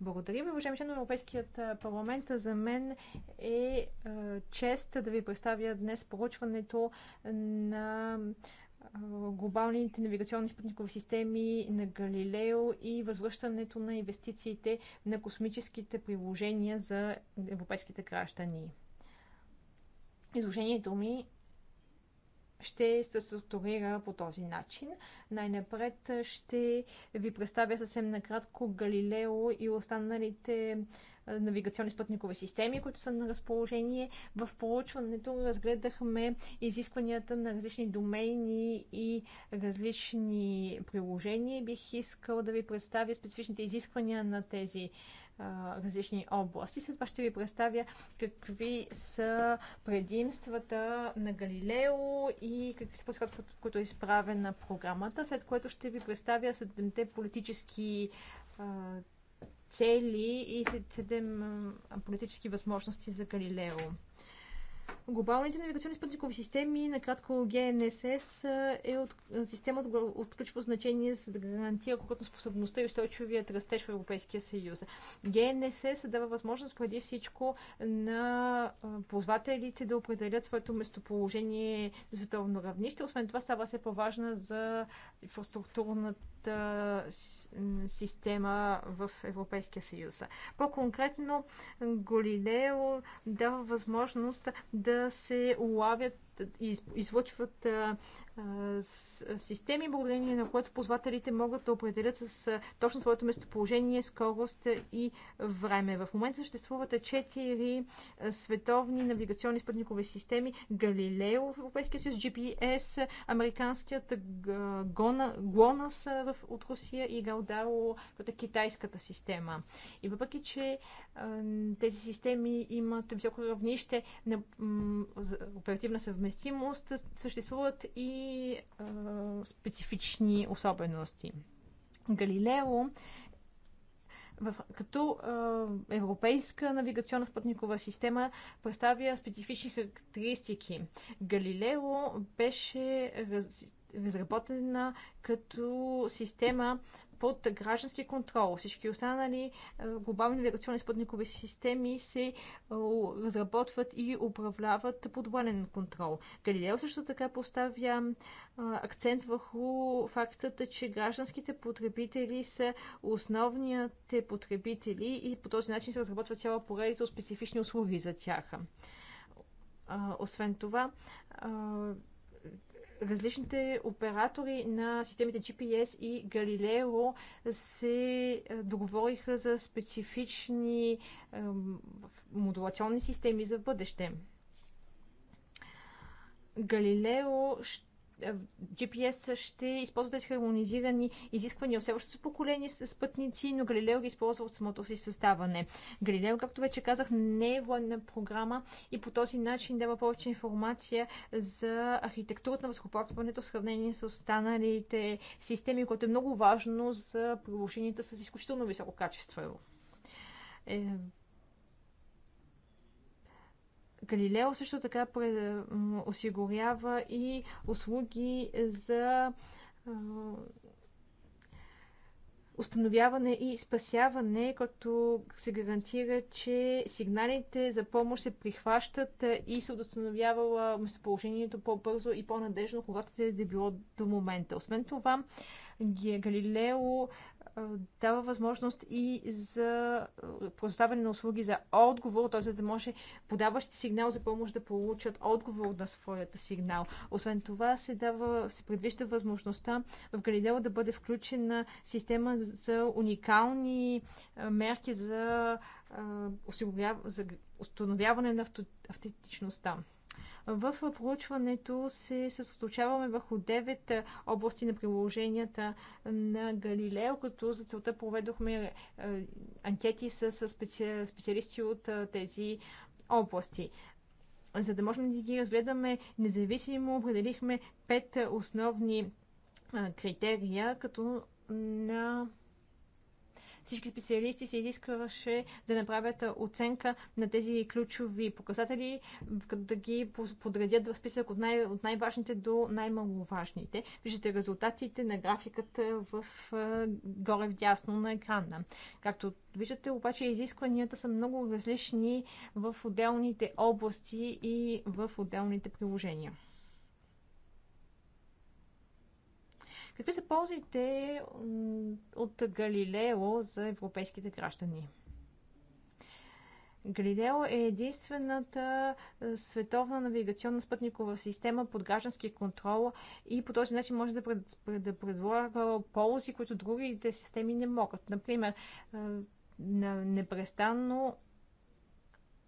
Благодаря ви, уважаеми член на Европейският парламент. За мен е чест да ви представя днес проучването на глобалните навигационни спътникови системи на Галилео и възвръщането на инвестициите на космическите приложения за европейските граждани. Изложението ми ще се структурира по този начин. Най-напред ще ви представя съвсем накратко Галилео и останалите навигационни спътникови системи, които са на разположение. В проучването разгледахме изискванията на различни домейни и различни приложения. Бих искала да ви представя специфичните изисквания на тези различни области. След това ще ви представя какви са предимствата на Галилео и какви са подсказките, които е изправена програмата, след което ще ви представя седемте политически цели и седем политически възможности за Галилео. Глобалните навигационни спътникови системи, накратко ГНСС, е от, система от, от ключово значение за да гарантира способността и устойчивият растеж в Европейския съюз. ГНСС дава възможност преди всичко на ползвателите да определят своето местоположение на световно равнище. Освен това става все по-важна за инфраструктурната система в Европейския съюз. По-конкретно, Голилео дава възможност да се улавят излъчват системи, благодарение на което ползвателите могат да определят с точно своето местоположение, скорост и време. В момента съществуват четири световни навигационни спътникови системи. Галилео в Европейския съюз, GPS, американският ГЛОНАС от Русия и Галдаро като китайската система. И въпреки, че тези системи имат високо равнище на оперативна съвместимост, съвместимост съществуват и а, специфични особености. Галилео в, като а, европейска навигационна спътникова система представя специфични характеристики. Галилео беше раз, разработена като система под граждански контрол. Всички останали е, глобални навигационни спътникови системи се е, разработват и управляват под военен контрол. Галилео също така поставя е, акцент върху фактата, че гражданските потребители са основните потребители и по този начин се разработва цяла поредица от специфични услуги за тях. Освен това, различните оператори на системите GPS и Галилео се е, договориха за специфични модулационни системи за бъдеще. Галилео ще е, GPS ще използва тези хармонизирани изисквания от следващото поколение с пътници, но Галилео ги използва от самото си съставане. Галилео, както вече казах, не е военна програма и по този начин дава повече информация за архитектурата на възхопортването в сравнение с останалите системи, което е много важно за приложенията с изключително високо качество. Е, Галилео също така осигурява и услуги за установяване и спасяване, като се гарантира, че сигналите за помощ се прихващат и се удостановява местоположението по-бързо и по-надежно, когато те е било до момента. Освен това, Галилео дава възможност и за предоставяне на услуги за отговор, т.е. за да може подаващи сигнал за помощ да получат отговор на своята сигнал. Освен това се, дава, се предвижда възможността в Галилео да бъде включена система за уникални мерки за, за установяване на автентичността. В проучването се съсредоточаваме върху 9 области на приложенията на Галилео, като за целта проведохме анкети с специалисти от тези области. За да можем да ги разгледаме независимо, определихме пет основни критерия, като на всички специалисти се изискваше да направят оценка на тези ключови показатели, да ги подредят в списък от, най- от най-важните до най-маловажните. Виждате резултатите на графиката в горе в дясно на екрана. Както виждате, обаче изискванията са много различни в отделните области и в отделните приложения. Какви са ползите от Галилео за европейските граждани? Галилео е единствената е, световна навигационна спътникова система под граждански контрол и по този начин може да, пред, да предлага ползи, които другите системи не могат. Например, е, непрестанно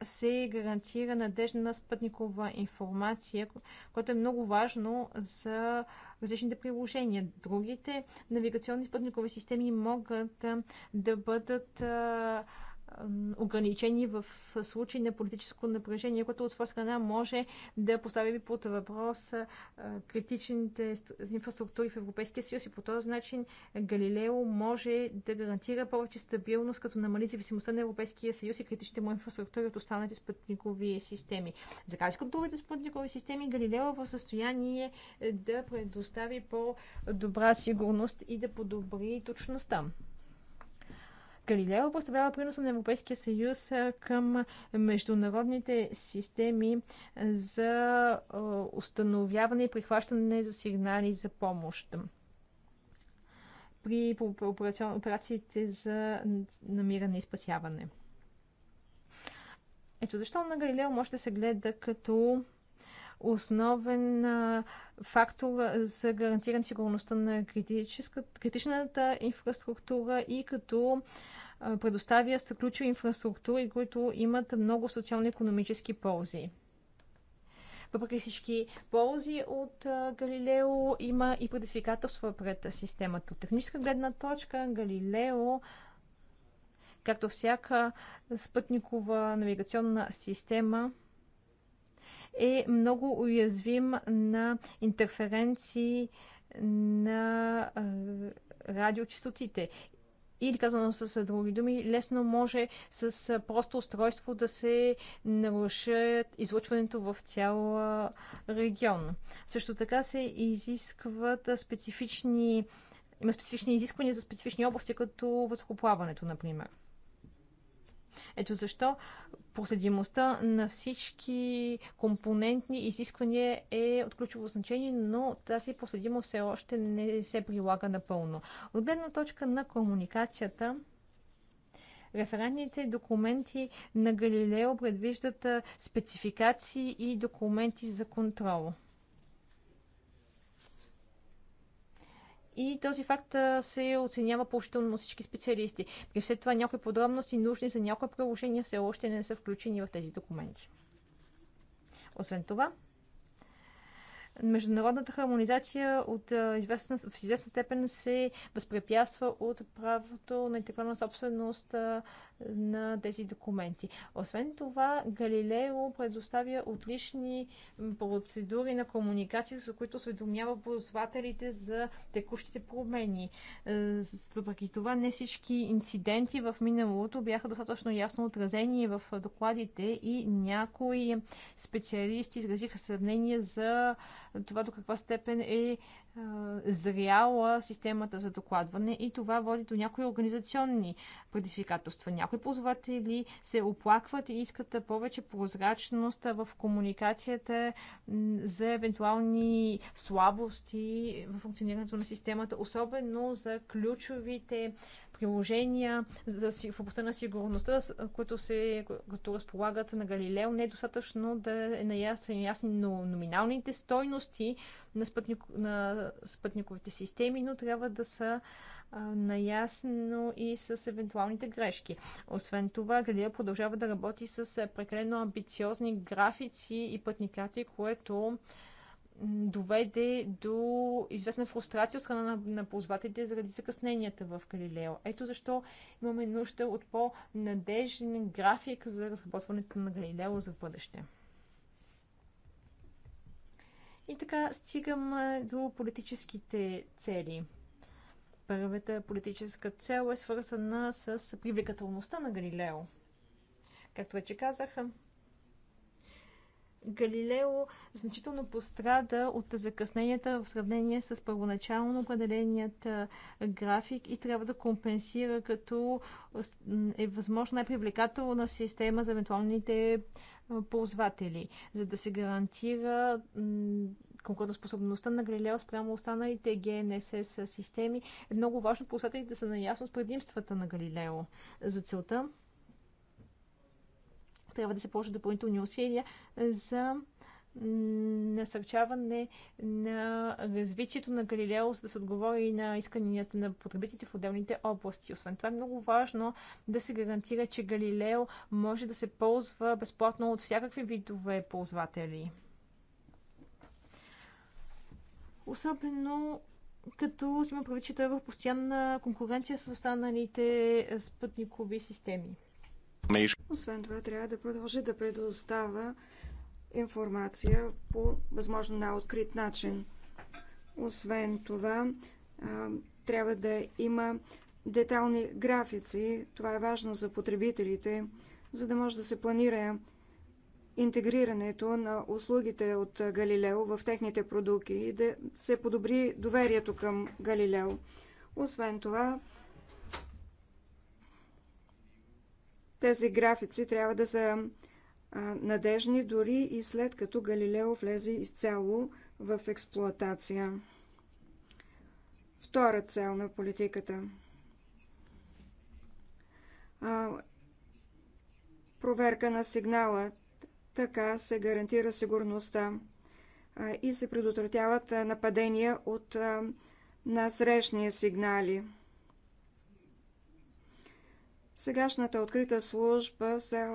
се гарантира надежна спътникова информация, което е много важно за различните приложения. Другите навигационни спътникови системи могат да бъдат ограничени в случай на политическо напрежение, което от своя страна може да постави под въпрос критичните инфраструктури в Европейския съюз и по този начин Галилео може да гарантира повече стабилност, като намали зависимостта на Европейския съюз и критичните му инфраструктури от останалите спътникови системи. За тази от другите спътникови системи, Галилео е в състояние е, да предостави по-добра сигурност и да подобри точността. Галилео представлява приноса на Европейския съюз към международните системи за установяване и прихващане за сигнали за помощ при операциите за намиране и спасяване. Ето защо на Галилео може да се гледа като основен фактор за гарантиране сигурността на критичната инфраструктура и като предоставя с ключови инфраструктури, които имат много социално-економически ползи. Въпреки всички ползи от Галилео, има и предизвикателства пред системата. От техническа гледна точка, Галилео както всяка спътникова навигационна система, е много уязвим на интерференции на радиочастотите. Или казано с други думи, лесно може с просто устройство да се наруши излъчването в цял регион. Също така се изискват специфични има специфични изисквания за специфични области, като възхоплаването, например. Ето защо проследимостта на всички компонентни изисквания е от ключово значение, но тази проследимост все още не се прилага напълно. От гледна точка на комуникацията, Референтните документи на Галилео предвиждат спецификации и документи за контрол. и този факт се оценява положително от всички специалисти. При все това някои подробности, нужни за някои приложения, все още не са включени в тези документи. Освен това, международната хармонизация от известна, в известна степен се възпрепятства от правото на интегрална собственост на тези документи. Освен това, Галилео предоставя отлични процедури на комуникация, с които осведомява ползвателите за текущите промени. Е, въпреки това, не всички инциденти в миналото бяха достатъчно ясно отразени в докладите и някои специалисти изразиха съмнение за това до каква степен е, е зряла системата за докладване и това води до някои организационни предизвикателства. Някои някои ползватели се оплакват и искат повече прозрачност в комуникацията за евентуални слабости в функционирането на системата, особено за ключовите приложения за, в областта на сигурността, които, се, които разполагат на Галилео, не е достатъчно да е наясни, ясни но номиналните стойности на, спътник, на спътниковите системи, но трябва да са наясно и с евентуалните грешки. Освен това, Галия продължава да работи с прекалено амбициозни графици и пътни карти, което доведе до известна фрустрация от страна на, на ползвателите заради закъсненията в Галилео. Ето защо имаме нужда от по-надежен график за разработването на Галилео за бъдеще. И така стигам до политическите цели – Първата политическа цел е свързана с привлекателността на Галилео. Както вече казах, Галилео значително пострада от закъсненията в сравнение с първоначално определеният график и трябва да компенсира като е възможно най-привлекателна система за евентуалните ползватели, за да се гарантира конкурентоспособността на Галилео спрямо останалите ГНСС системи е много важно послателите да са наясно с предимствата на Галилео. За целта трябва да се положат допълнителни усилия за насърчаване на развитието на Галилео, за да се отговори на исканията на потребителите в отделните области. Освен това е много важно да се гарантира, че Галилео може да се ползва безплатно от всякакви видове ползватели особено като си има предвид, че той е в постоянна конкуренция с останалите спътникови системи. Освен това, трябва да продължи да предоставя информация по възможно най-открит начин. Освен това, трябва да има детални графици. Това е важно за потребителите, за да може да се планира интегрирането на услугите от Галилео в техните продукти и да се подобри доверието към Галилео. Освен това, тези графици трябва да са надежни дори и след като Галилео влезе изцяло в експлоатация. Втора цел на политиката. проверка на сигнала така се гарантира сигурността и се предотвратяват нападения от насрещни сигнали. Сегашната открита служба все,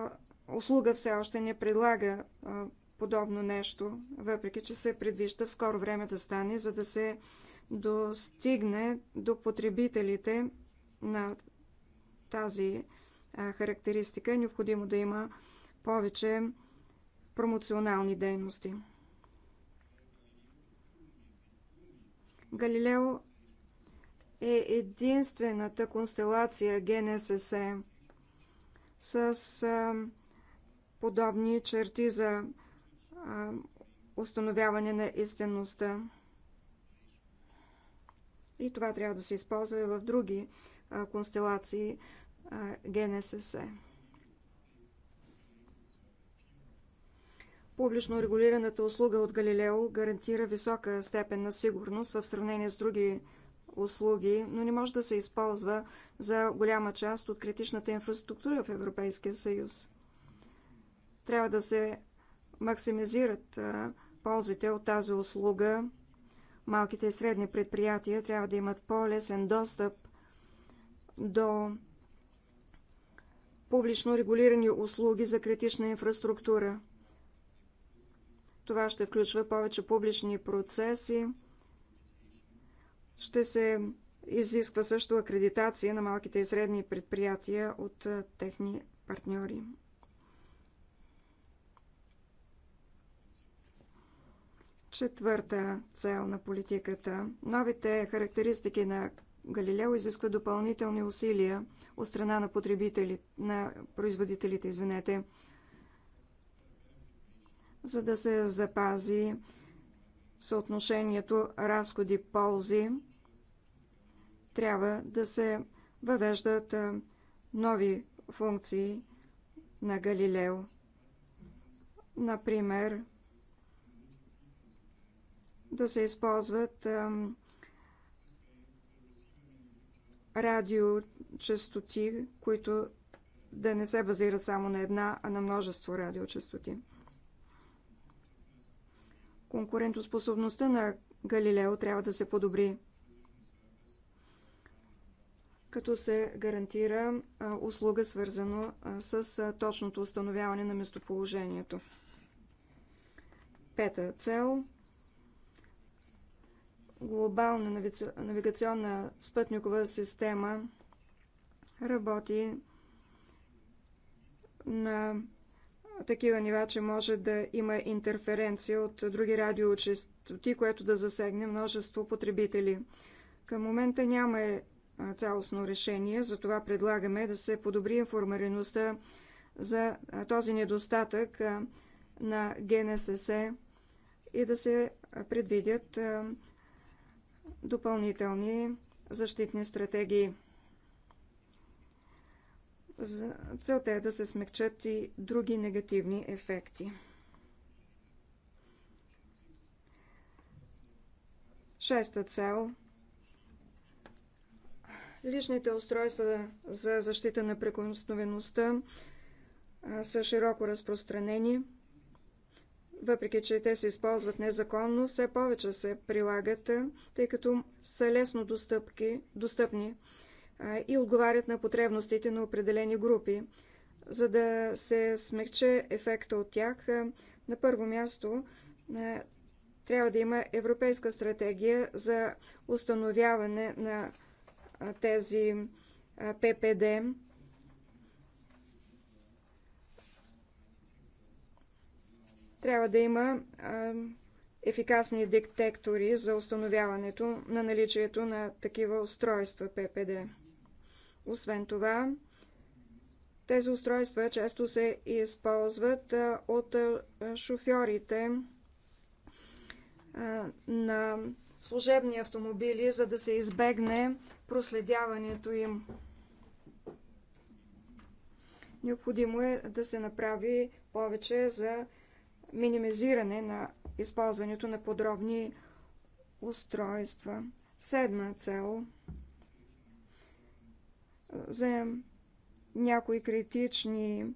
услуга все още не предлага а, подобно нещо, въпреки че се предвижда в скоро време да стане, за да се достигне до потребителите на тази а, характеристика. Необходимо да има повече промоционални дейности. Галилео е единствената констелация ГНСС с подобни черти за установяване на истинността. И това трябва да се използва и в други констелации ГНСС. Публично регулираната услуга от Галилео гарантира висока степен на сигурност в сравнение с други услуги, но не може да се използва за голяма част от критичната инфраструктура в Европейския съюз. Трябва да се максимизират ползите от тази услуга. Малките и средни предприятия трябва да имат по-лесен достъп до публично регулирани услуги за критична инфраструктура. Това ще включва повече публични процеси. Ще се изисква също акредитация на малките и средни предприятия от техни партньори. Четвърта цел на политиката. Новите характеристики на Галилео изисква допълнителни усилия от страна на на производителите, извинете за да се запази съотношението разходи-ползи. Трябва да се въвеждат нови функции на Галилео. Например, да се използват радиочестоти, които да не се базират само на една, а на множество радиочестоти. Конкурентоспособността на Галилео трябва да се подобри, като се гарантира услуга свързано с точното установяване на местоположението. Пета цел глобална навигационна спътникова система работи на такива нива, че може да има интерференция от други радиочестоти, което да засегне множество потребители. Към момента няма е, цялостно решение, затова предлагаме да се подобри информираността за този недостатък на ГНСС и да се предвидят допълнителни защитни стратегии. За Целта е да се смекчат и други негативни ефекти. Шеста цел Личните устройства за защита на прекосновеността са широко разпространени. Въпреки, че те се използват незаконно, все повече се прилагат, тъй като са лесно достъпки, достъпни и отговарят на потребностите на определени групи. За да се смекче ефекта от тях, на първо място трябва да има европейска стратегия за установяване на тези ППД. Трябва да има ефикасни детектори за установяването на наличието на такива устройства ППД. Освен това, тези устройства често се използват от шофьорите на служебни автомобили, за да се избегне проследяването им. Необходимо е да се направи повече за минимизиране на използването на подробни устройства. Седма цел за някои критични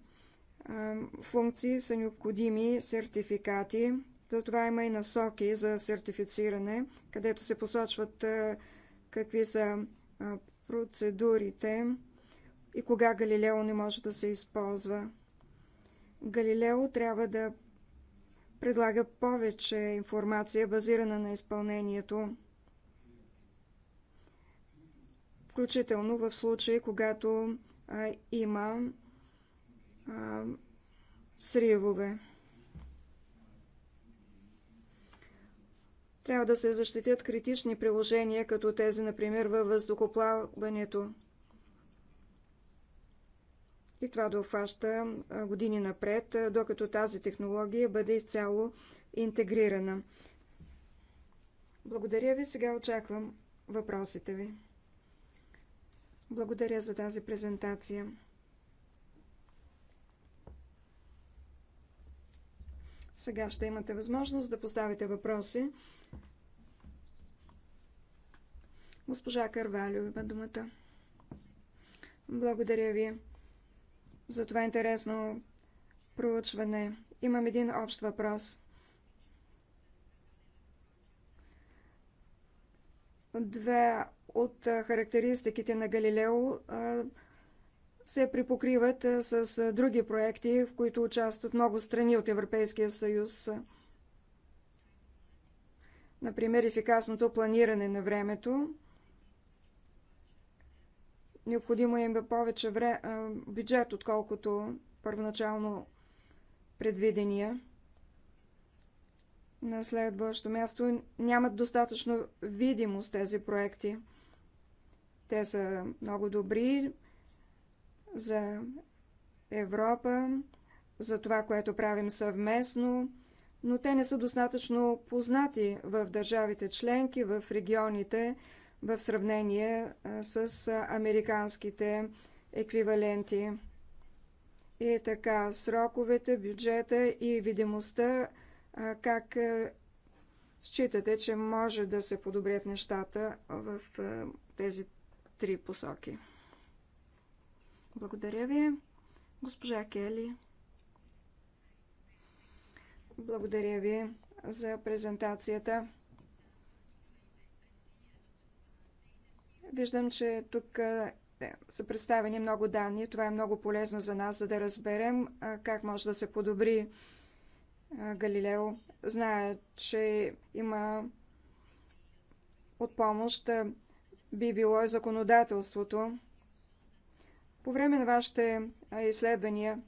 функции са необходими сертификати. Затова има и насоки за сертифициране, където се посочват какви са процедурите и кога Галилео не може да се използва. Галилео трябва да предлага повече информация, базирана на изпълнението включително в случаи, когато а, има а, сривове. Трябва да се защитят критични приложения, като тези, например, във въздухоплаването. И това да обхваща години напред, докато тази технология бъде изцяло интегрирана. Благодаря ви, сега очаквам въпросите ви. Благодаря за тази презентация. Сега ще имате възможност да поставите въпроси. Госпожа Карвалю има думата. Благодаря ви за това интересно проучване. Имам един общ въпрос. Две от характеристиките на Галилео се припокриват с други проекти, в които участват много страни от Европейския съюз. Например, ефикасното планиране на времето. Необходимо е им е повече вре... бюджет, отколкото първоначално предвидения. На следващо място нямат достатъчно видимост тези проекти – те са много добри за Европа, за това, което правим съвместно, но те не са достатъчно познати в държавите членки, в регионите, в сравнение с американските еквиваленти. И е така, сроковете, бюджета и видимостта, как считате, че може да се подобрят нещата в тези три посоки. Благодаря ви, госпожа Кели. Благодаря ви за презентацията. Виждам, че тук е, са представени много данни. Това е много полезно за нас, за да разберем е, как може да се подобри е, Галилео. Зная, че има от помощ би било и е законодателството. По време на вашите изследвания,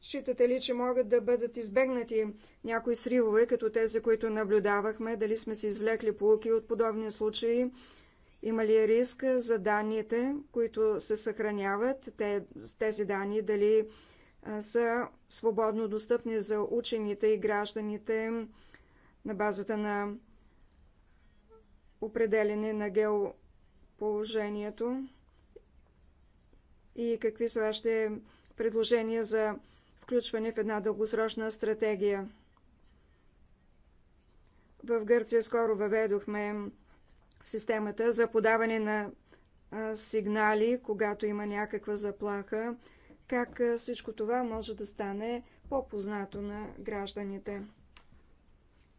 Считате ли, че могат да бъдат избегнати някои сривове, като тези, които наблюдавахме? Дали сме се извлекли полуки от подобни случаи? Има ли риск за данните, които се съхраняват? тези данни дали са свободно достъпни за учените и гражданите на базата на определене на геоположението и какви са вашите предложения за включване в една дългосрочна стратегия. В Гърция скоро въведохме системата за подаване на сигнали, когато има някаква заплаха как всичко това може да стане по-познато на гражданите.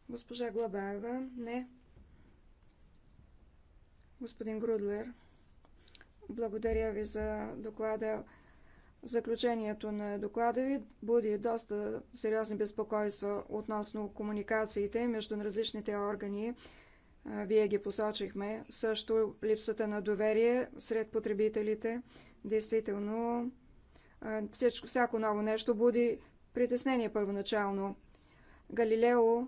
Госпожа Глабаева, не. Господин Грудлер, благодаря ви за доклада. Заключението на доклада ви буди доста сериозни безпокойства относно комуникациите между различните органи. Вие ги посочихме. Също липсата на доверие сред потребителите. Действително, всичко, всяко ново нещо буди притеснение първоначално. Галилео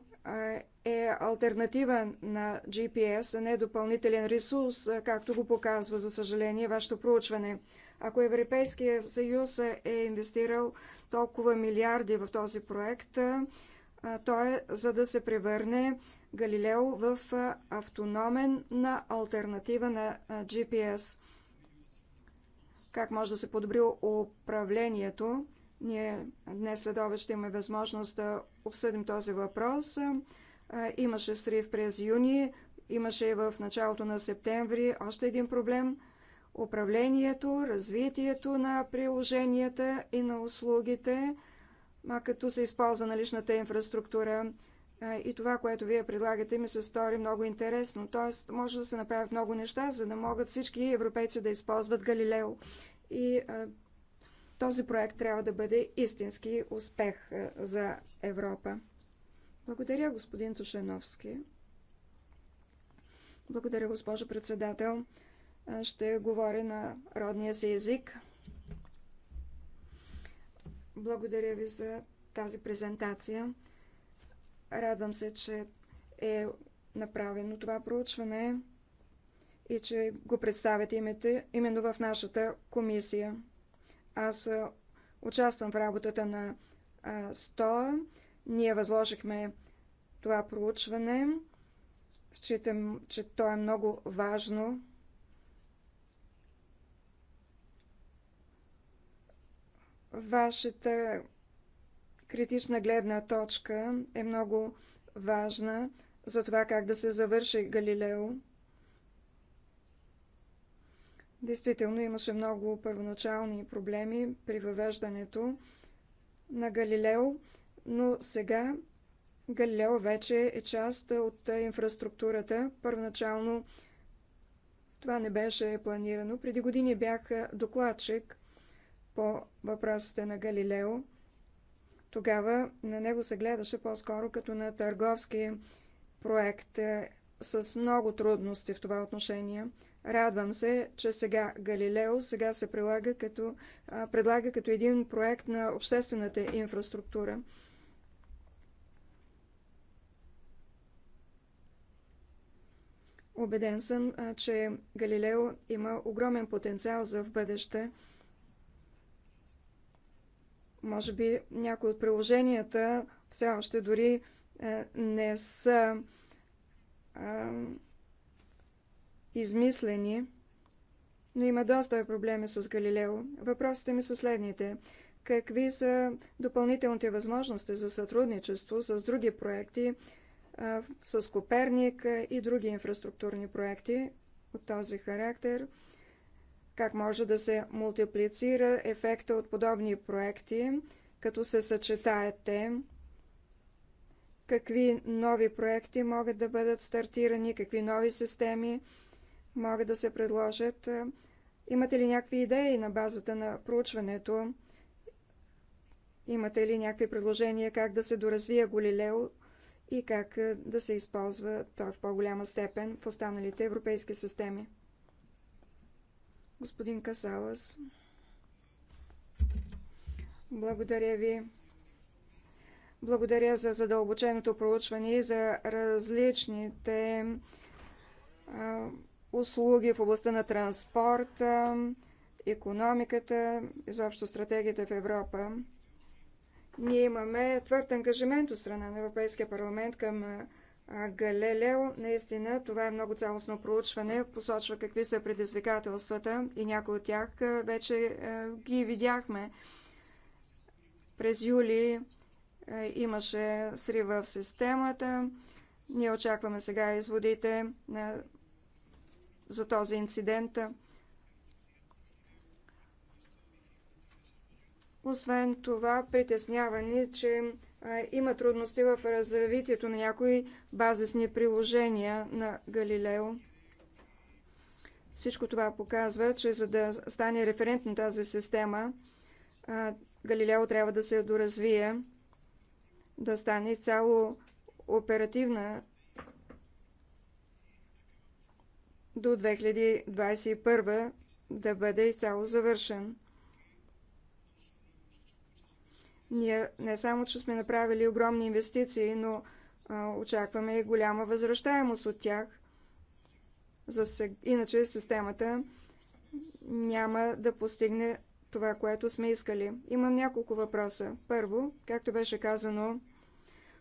е альтернатива на GPS, а не допълнителен ресурс, както го показва, за съжаление, вашето проучване. Ако Европейския съюз е инвестирал толкова милиарди в този проект, то е за да се превърне Галилео в автономен на альтернатива на GPS как може да се подобри управлението. Ние днес след ще имаме възможност да обсъдим този въпрос. Имаше срив през юни, имаше и в началото на септември още един проблем – управлението, развитието на приложенията и на услугите, като се използва наличната инфраструктура – и това, което вие предлагате, ми се стори много интересно. Тоест, може да се направят много неща, за да могат всички европейци да използват Галилео. И а, този проект трябва да бъде истински успех а, за Европа. Благодаря, господин Тушеновски. Благодаря, госпожо председател. А, ще говоря на родния си език. Благодаря ви за тази презентация. Радвам се, че е направено това проучване и че го представят името, именно в нашата комисия. Аз участвам в работата на СТОА. Ние възложихме това проучване. Считам, че то е много важно. Вашата критична гледна точка е много важна за това как да се завърши Галилео. Действително имаше много първоначални проблеми при въвеждането на Галилео, но сега Галилео вече е част от инфраструктурата. Първоначално това не беше планирано. Преди години бях докладчик по въпросите на Галилео. Тогава на него се гледаше по-скоро като на търговски проект е, с много трудности в това отношение. Радвам се, че сега Галилео сега се прилага като, предлага като един проект на обществената инфраструктура. Обеден съм, че Галилео има огромен потенциал за в бъдеще – може би някои от приложенията все още дори е, не са е, измислени, но има доста проблеми с Галилео. Въпросите ми са следните. Какви са допълнителните възможности за сътрудничество с други проекти, е, с Коперник и други инфраструктурни проекти от този характер – как може да се мултиплицира ефекта от подобни проекти, като се съчетаят те, какви нови проекти могат да бъдат стартирани, какви нови системи могат да се предложат. Имате ли някакви идеи на базата на проучването? Имате ли някакви предложения как да се доразвие Голилео и как да се използва той в по-голяма степен в останалите европейски системи? господин Касалас. Благодаря ви. Благодаря за задълбоченото проучване и за различните а, услуги в областта на транспорта, економиката, изобщо стратегията в Европа. Ние имаме твърд ангажимент от страна на Европейския парламент към Галилео, наистина, това е много цялостно проучване, посочва какви са предизвикателствата и някои от тях вече ги видяхме. През юли имаше срива в системата. Ние очакваме сега изводите на... за този инцидент. Освен това, притеснява ни, че има трудности в развитието на някои базисни приложения на Галилео. Всичко това показва, че за да стане на тази система, Галилео трябва да се доразвие, да стане изцяло оперативна до 2021 да бъде изцяло завършен. Ние не само, че сме направили огромни инвестиции, но а, очакваме и голяма възвръщаемост от тях. За сег... Иначе системата няма да постигне това, което сме искали. Имам няколко въпроса. Първо, както беше казано,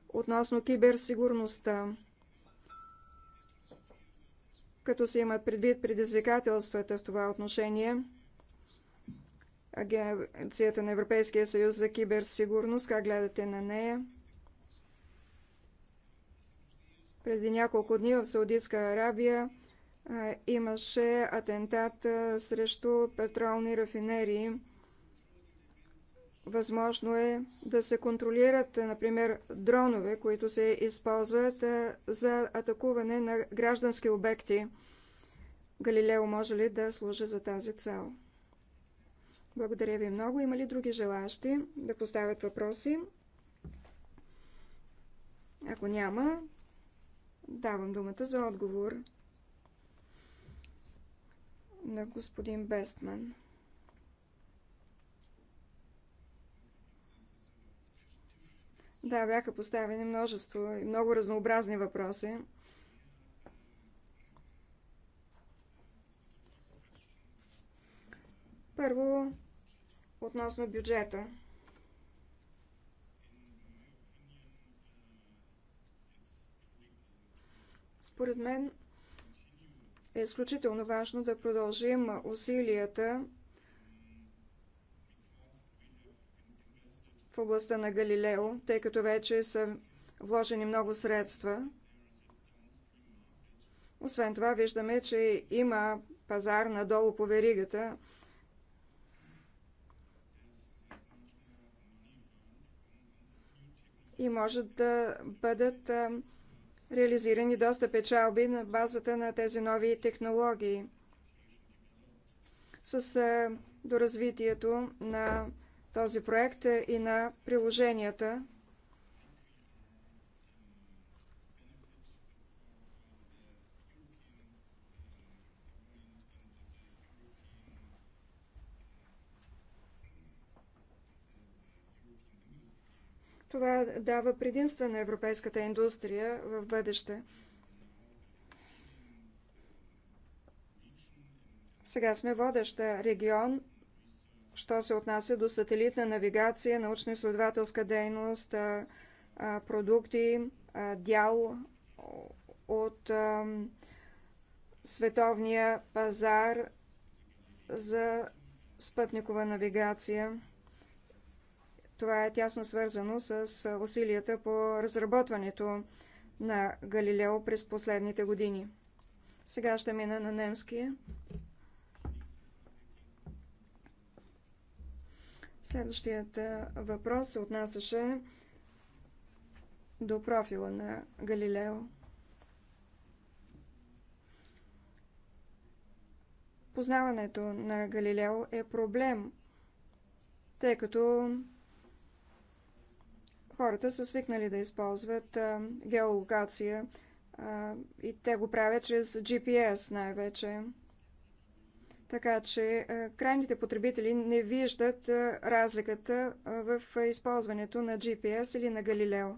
относно киберсигурността, като се имат предвид предизвикателствата в това отношение – Агенцията на Европейския съюз за киберсигурност. Как гледате на нея? Преди няколко дни в Саудитска Арабия имаше атентат срещу петролни рафинерии. Възможно е да се контролират, например, дронове, които се използват за атакуване на граждански обекти. Галилео може ли да служи за тази цел? Благодаря ви много. Има ли други желащи да поставят въпроси? Ако няма, давам думата за отговор на господин Бестман. Да, бяха поставени множество и много разнообразни въпроси. Първо, относно бюджета. Според мен е изключително важно да продължим усилията в областта на Галилео, тъй като вече са вложени много средства. Освен това, виждаме, че има пазар надолу по веригата – и може да бъдат реализирани доста печалби на базата на тези нови технологии. С доразвитието на този проект и на приложенията Това дава предимства на европейската индустрия в бъдеще. Сега сме водеща регион, що се отнася до сателитна навигация, научно-изследователска дейност, продукти, дял от световния пазар за спътникова навигация. Това е тясно свързано с усилията по разработването на Галилео през последните години. Сега ще мина на Немския. Следващият въпрос се отнасяше до профила на Галилео. Познаването на Галилео е проблем, тъй като Хората са свикнали да използват геолокация и те го правят чрез GPS най-вече. Така че крайните потребители не виждат разликата в използването на GPS или на Галилео.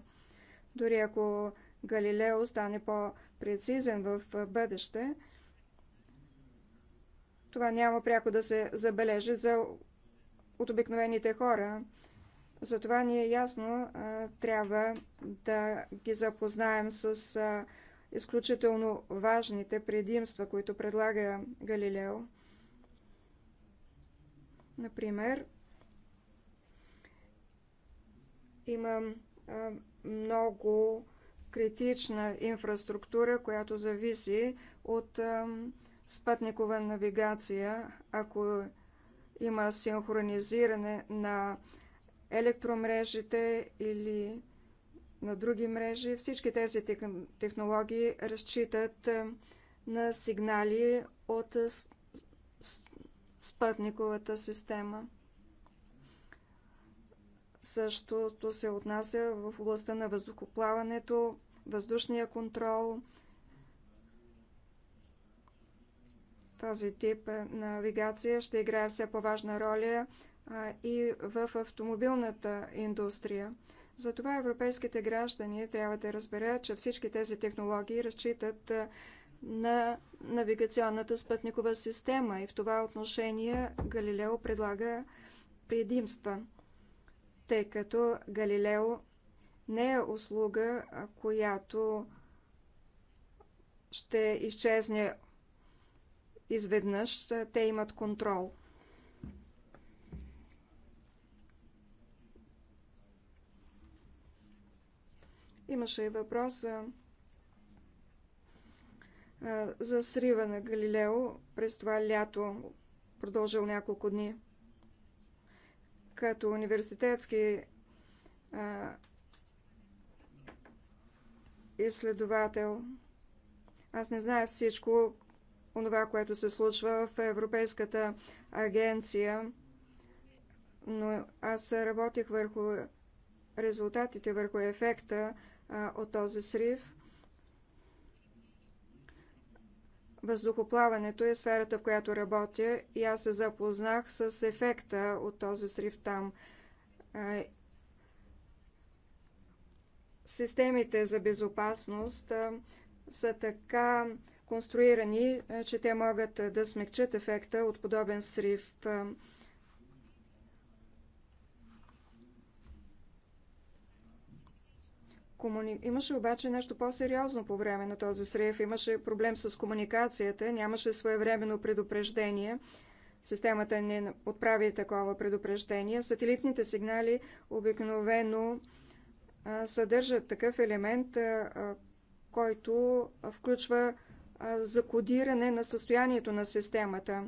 Дори ако Галилео стане по-прецизен в бъдеще, това няма пряко да се забележи за от обикновените хора. Затова ние ясно трябва да ги запознаем с изключително важните предимства, които предлага Галилео. Например, има много критична инфраструктура, която зависи от спътникова навигация. Ако има синхронизиране на електромрежите или на други мрежи. Всички тези технологии разчитат е, на сигнали от е, спътниковата система. Същото се отнася в областта на въздухоплаването, въздушния контрол, този тип е, навигация ще играе все по-важна роля и в автомобилната индустрия. Затова европейските граждани трябва да разберат, че всички тези технологии разчитат на навигационната спътникова система и в това отношение Галилео предлага предимства, тъй като Галилео не е услуга, която ще изчезне изведнъж. Те имат контрол – Имаше и въпрос за срива на Галилео през това лято, продължил няколко дни. Като университетски а, изследовател, аз не зная всичко онова, което се случва в Европейската агенция, но аз работих върху резултатите, върху ефекта от този срив. Въздухоплаването е сферата, в която работя и аз се запознах с ефекта от този срив там. Системите за безопасност са така конструирани, че те могат да смекчат ефекта от подобен срив. Комуни... Имаше обаче нещо по-сериозно по време на този срив. Имаше проблем с комуникацията, нямаше своевременно предупреждение. Системата не отправи такова предупреждение. Сателитните сигнали обикновено съдържат такъв елемент, който включва закодиране на състоянието на системата.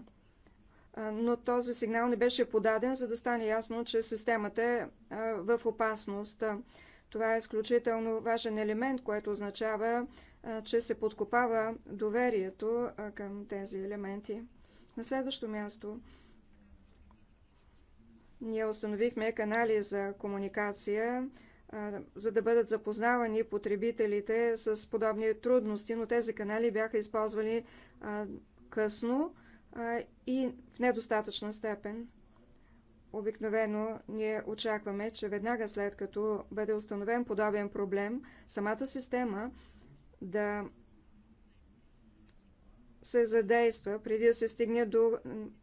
Но този сигнал не беше подаден, за да стане ясно, че системата е в опасност. Това е изключително важен елемент, което означава, че се подкопава доверието към тези елементи. На следващо място ние установихме канали за комуникация, за да бъдат запознавани потребителите с подобни трудности, но тези канали бяха използвани късно и в недостатъчна степен. Обикновено ние очакваме, че веднага след като бъде установен подобен проблем, самата система да се задейства, преди да се стигне до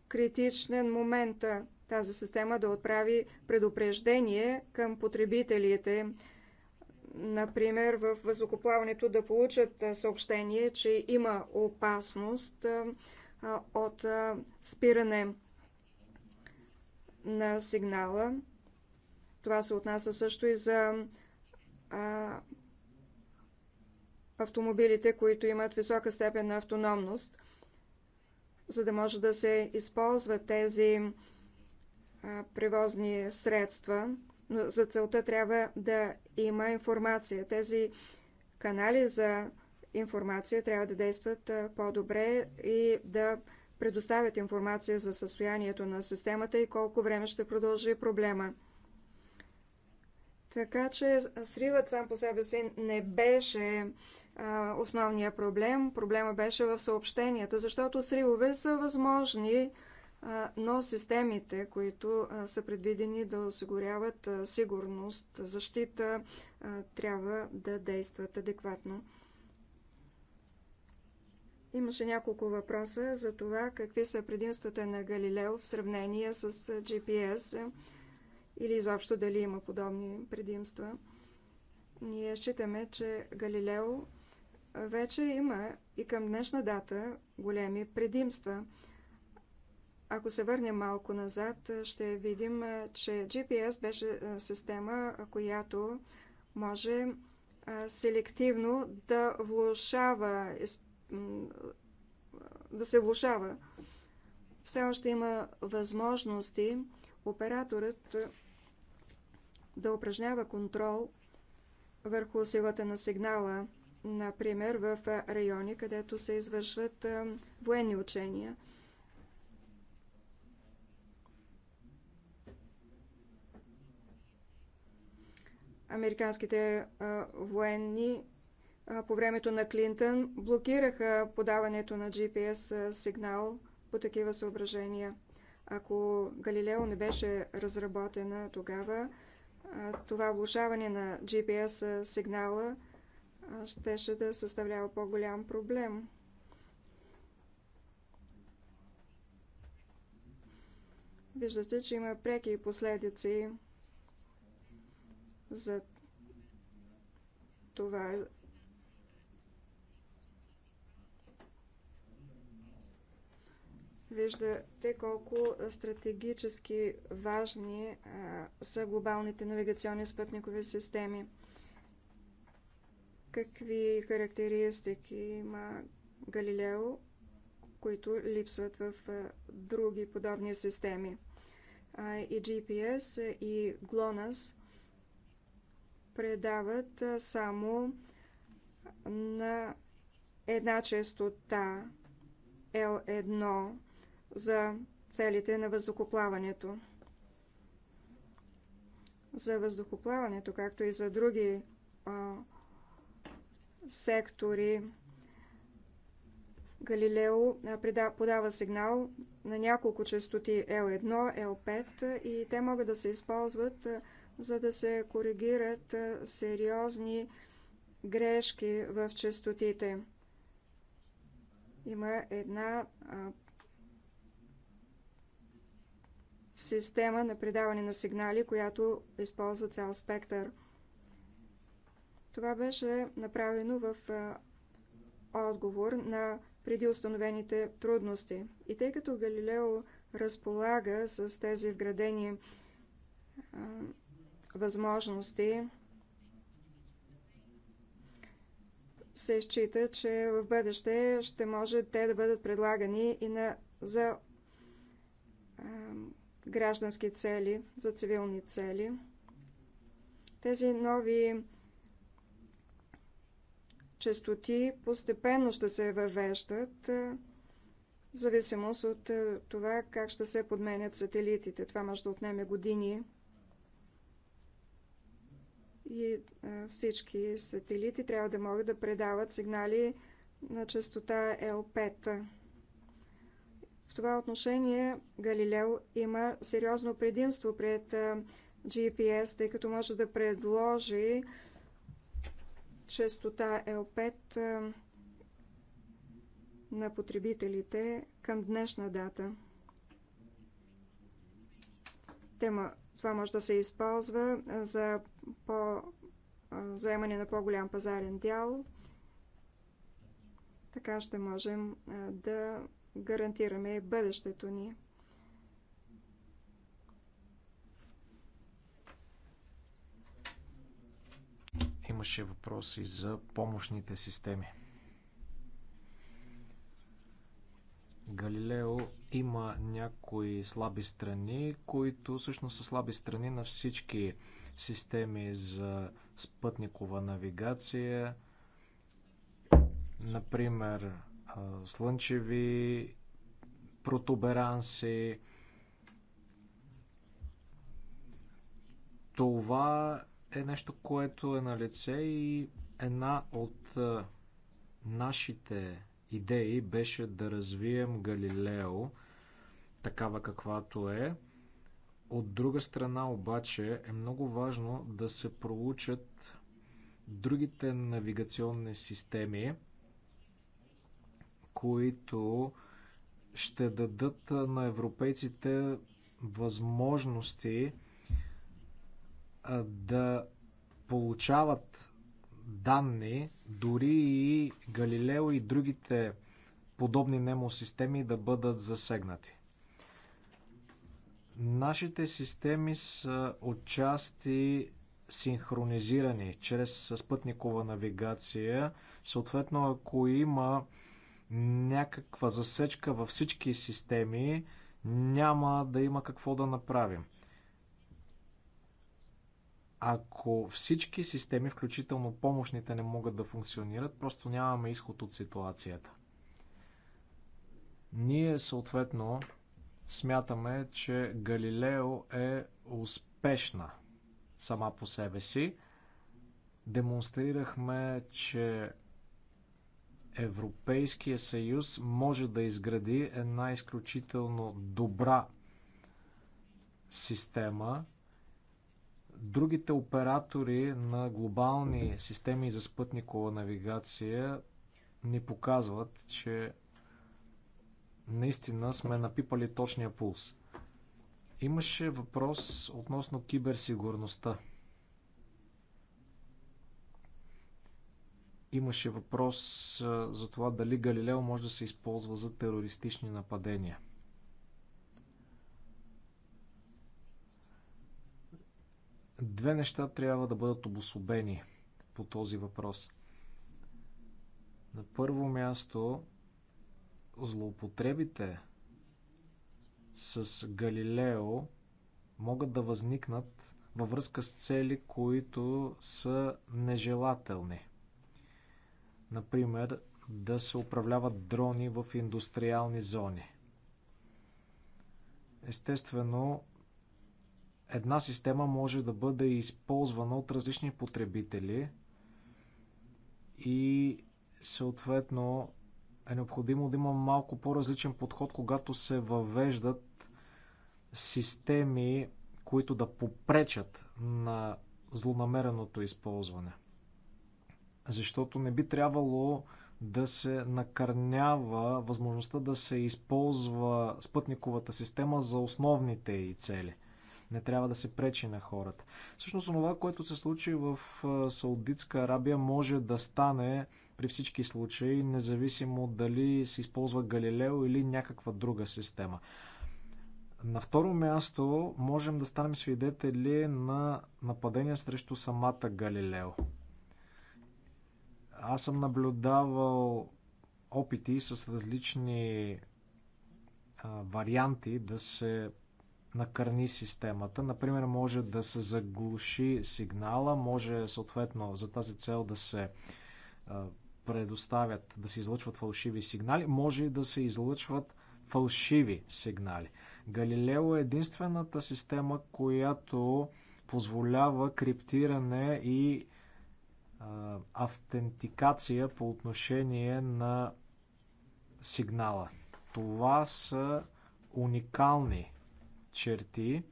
критичен момент тази система да отправи предупреждение към потребителите, например в въздухоплаването да получат съобщение, че има опасност от спиране на сигнала. Това се отнася също и за а, автомобилите, които имат висока степен на автономност, за да може да се използват тези а, превозни средства. Но за целта трябва да има информация. Тези канали за информация трябва да действат по-добре и да предоставят информация за състоянието на системата и колко време ще продължи проблема. Така че сривът сам по себе си не беше а, основния проблем. Проблема беше в съобщенията, защото сривове са възможни, а, но системите, които а, са предвидени да осигуряват а, сигурност, защита, а, трябва да действат адекватно. Имаше няколко въпроса за това какви са предимствата на Галилео в сравнение с GPS или изобщо дали има подобни предимства. Ние считаме, че Галилео вече има и към днешна дата големи предимства. Ако се върнем малко назад, ще видим, че GPS беше система, която може селективно да влушава да се влушава. Все още има възможности операторът да упражнява контрол върху силата на сигнала, например в райони, където се извършват военни учения. Американските военни по времето на Клинтън блокираха подаването на GPS сигнал по такива съображения. Ако Галилео не беше разработена тогава, това влушаване на GPS сигнала щеше да съставлява по-голям проблем. Виждате, че има преки последици за това Виждате колко стратегически важни а, са глобалните навигационни спътникови системи. Какви характеристики има Галилео, които липсват в а, други подобни системи. А, и GPS и GLONASS предават а, само на една частота L1 за целите на въздухоплаването. За въздухоплаването, както и за други а, сектори, Галилео подава сигнал на няколко частоти L1, L5 и те могат да се използват за да се коригират сериозни грешки в частотите. Има една система на предаване на сигнали, която използва цял спектър. Това беше направено в отговор на преди установените трудности. И тъй като Галилео разполага с тези вградени възможности, се счита, че в бъдеще ще може те да бъдат предлагани и на, за граждански цели, за цивилни цели. Тези нови частоти постепенно ще се въвеждат е, в зависимост от е, това как ще се подменят сателитите. Това може да отнеме години. И е, всички сателити трябва да могат да предават сигнали на частота L5. В това отношение Галилео има сериозно предимство пред GPS, тъй като може да предложи частота L5 на потребителите към днешна дата. Тема, това може да се използва за по, заемане на по-голям пазарен дял. Така ще можем да гарантираме и бъдещето ни. Имаше въпроси за помощните системи. Галилео има някои слаби страни, които всъщност са слаби страни на всички системи за спътникова навигация. Например, слънчеви протуберанси. Това е нещо, което е на лице и една от нашите идеи беше да развием Галилео такава каквато е. От друга страна обаче е много важно да се проучат другите навигационни системи, които ще дадат на европейците възможности да получават данни, дори и Галилео и другите подобни немо системи да бъдат засегнати. Нашите системи са отчасти синхронизирани чрез спътникова навигация. Съответно, ако има някаква засечка във всички системи, няма да има какво да направим. Ако всички системи, включително помощните, не могат да функционират, просто нямаме изход от ситуацията. Ние съответно смятаме, че Галилео е успешна сама по себе си. Демонстрирахме, че Европейския съюз може да изгради една изключително добра система. Другите оператори на глобални системи за спътникова навигация ни показват, че наистина сме напипали точния пулс. Имаше въпрос относно киберсигурността. Имаше въпрос за това дали Галилео може да се използва за терористични нападения. Две неща трябва да бъдат обособени по този въпрос. На първо място, злоупотребите с Галилео могат да възникнат във връзка с цели, които са нежелателни. Например, да се управляват дрони в индустриални зони. Естествено, една система може да бъде използвана от различни потребители и съответно е необходимо да има малко по-различен подход, когато се въвеждат системи, които да попречат на злонамереното използване защото не би трябвало да се накърнява възможността да се използва спътниковата система за основните и цели. Не трябва да се пречи на хората. Всъщност това, което се случи в Саудитска Арабия, може да стане при всички случаи, независимо дали се използва Галилео или някаква друга система. На второ място можем да станем свидетели на нападения срещу самата Галилео. Аз съм наблюдавал опити с различни варианти да се накърни системата. Например, може да се заглуши сигнала, може съответно за тази цел да се предоставят, да се излъчват фалшиви сигнали, може и да се излъчват фалшиви сигнали. Галилео е единствената система, която позволява криптиране и автентикация по отношение на сигнала. Това са уникални черти.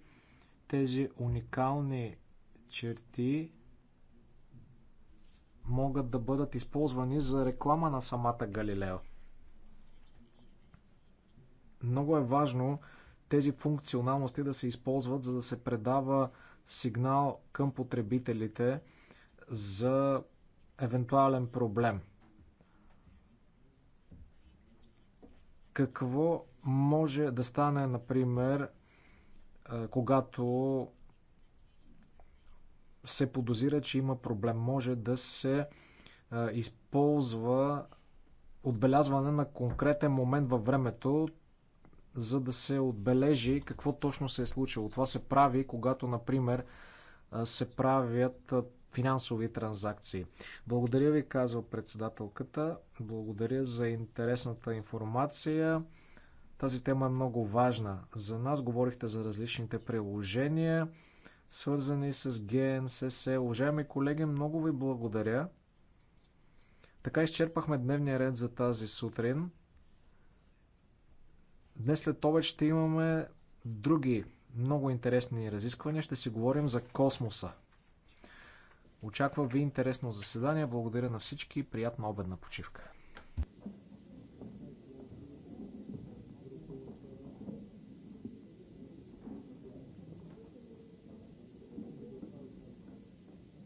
Тези уникални черти могат да бъдат използвани за реклама на самата Галилео. Много е важно тези функционалности да се използват, за да се предава сигнал към потребителите – за евентуален проблем. Какво може да стане, например, когато се подозира, че има проблем? Може да се използва отбелязване на конкретен момент във времето, за да се отбележи какво точно се е случило. Това се прави, когато, например, се правят финансови транзакции. Благодаря ви, казва председателката. Благодаря за интересната информация. Тази тема е много важна за нас. Говорихте за различните приложения, свързани с ГНСС. Уважаеми колеги, много ви благодаря. Така изчерпахме дневния ред за тази сутрин. Днес след обед ще имаме други много интересни разисквания. Ще си говорим за космоса. Очаква ви интересно заседание. Благодаря на всички и приятна обедна почивка.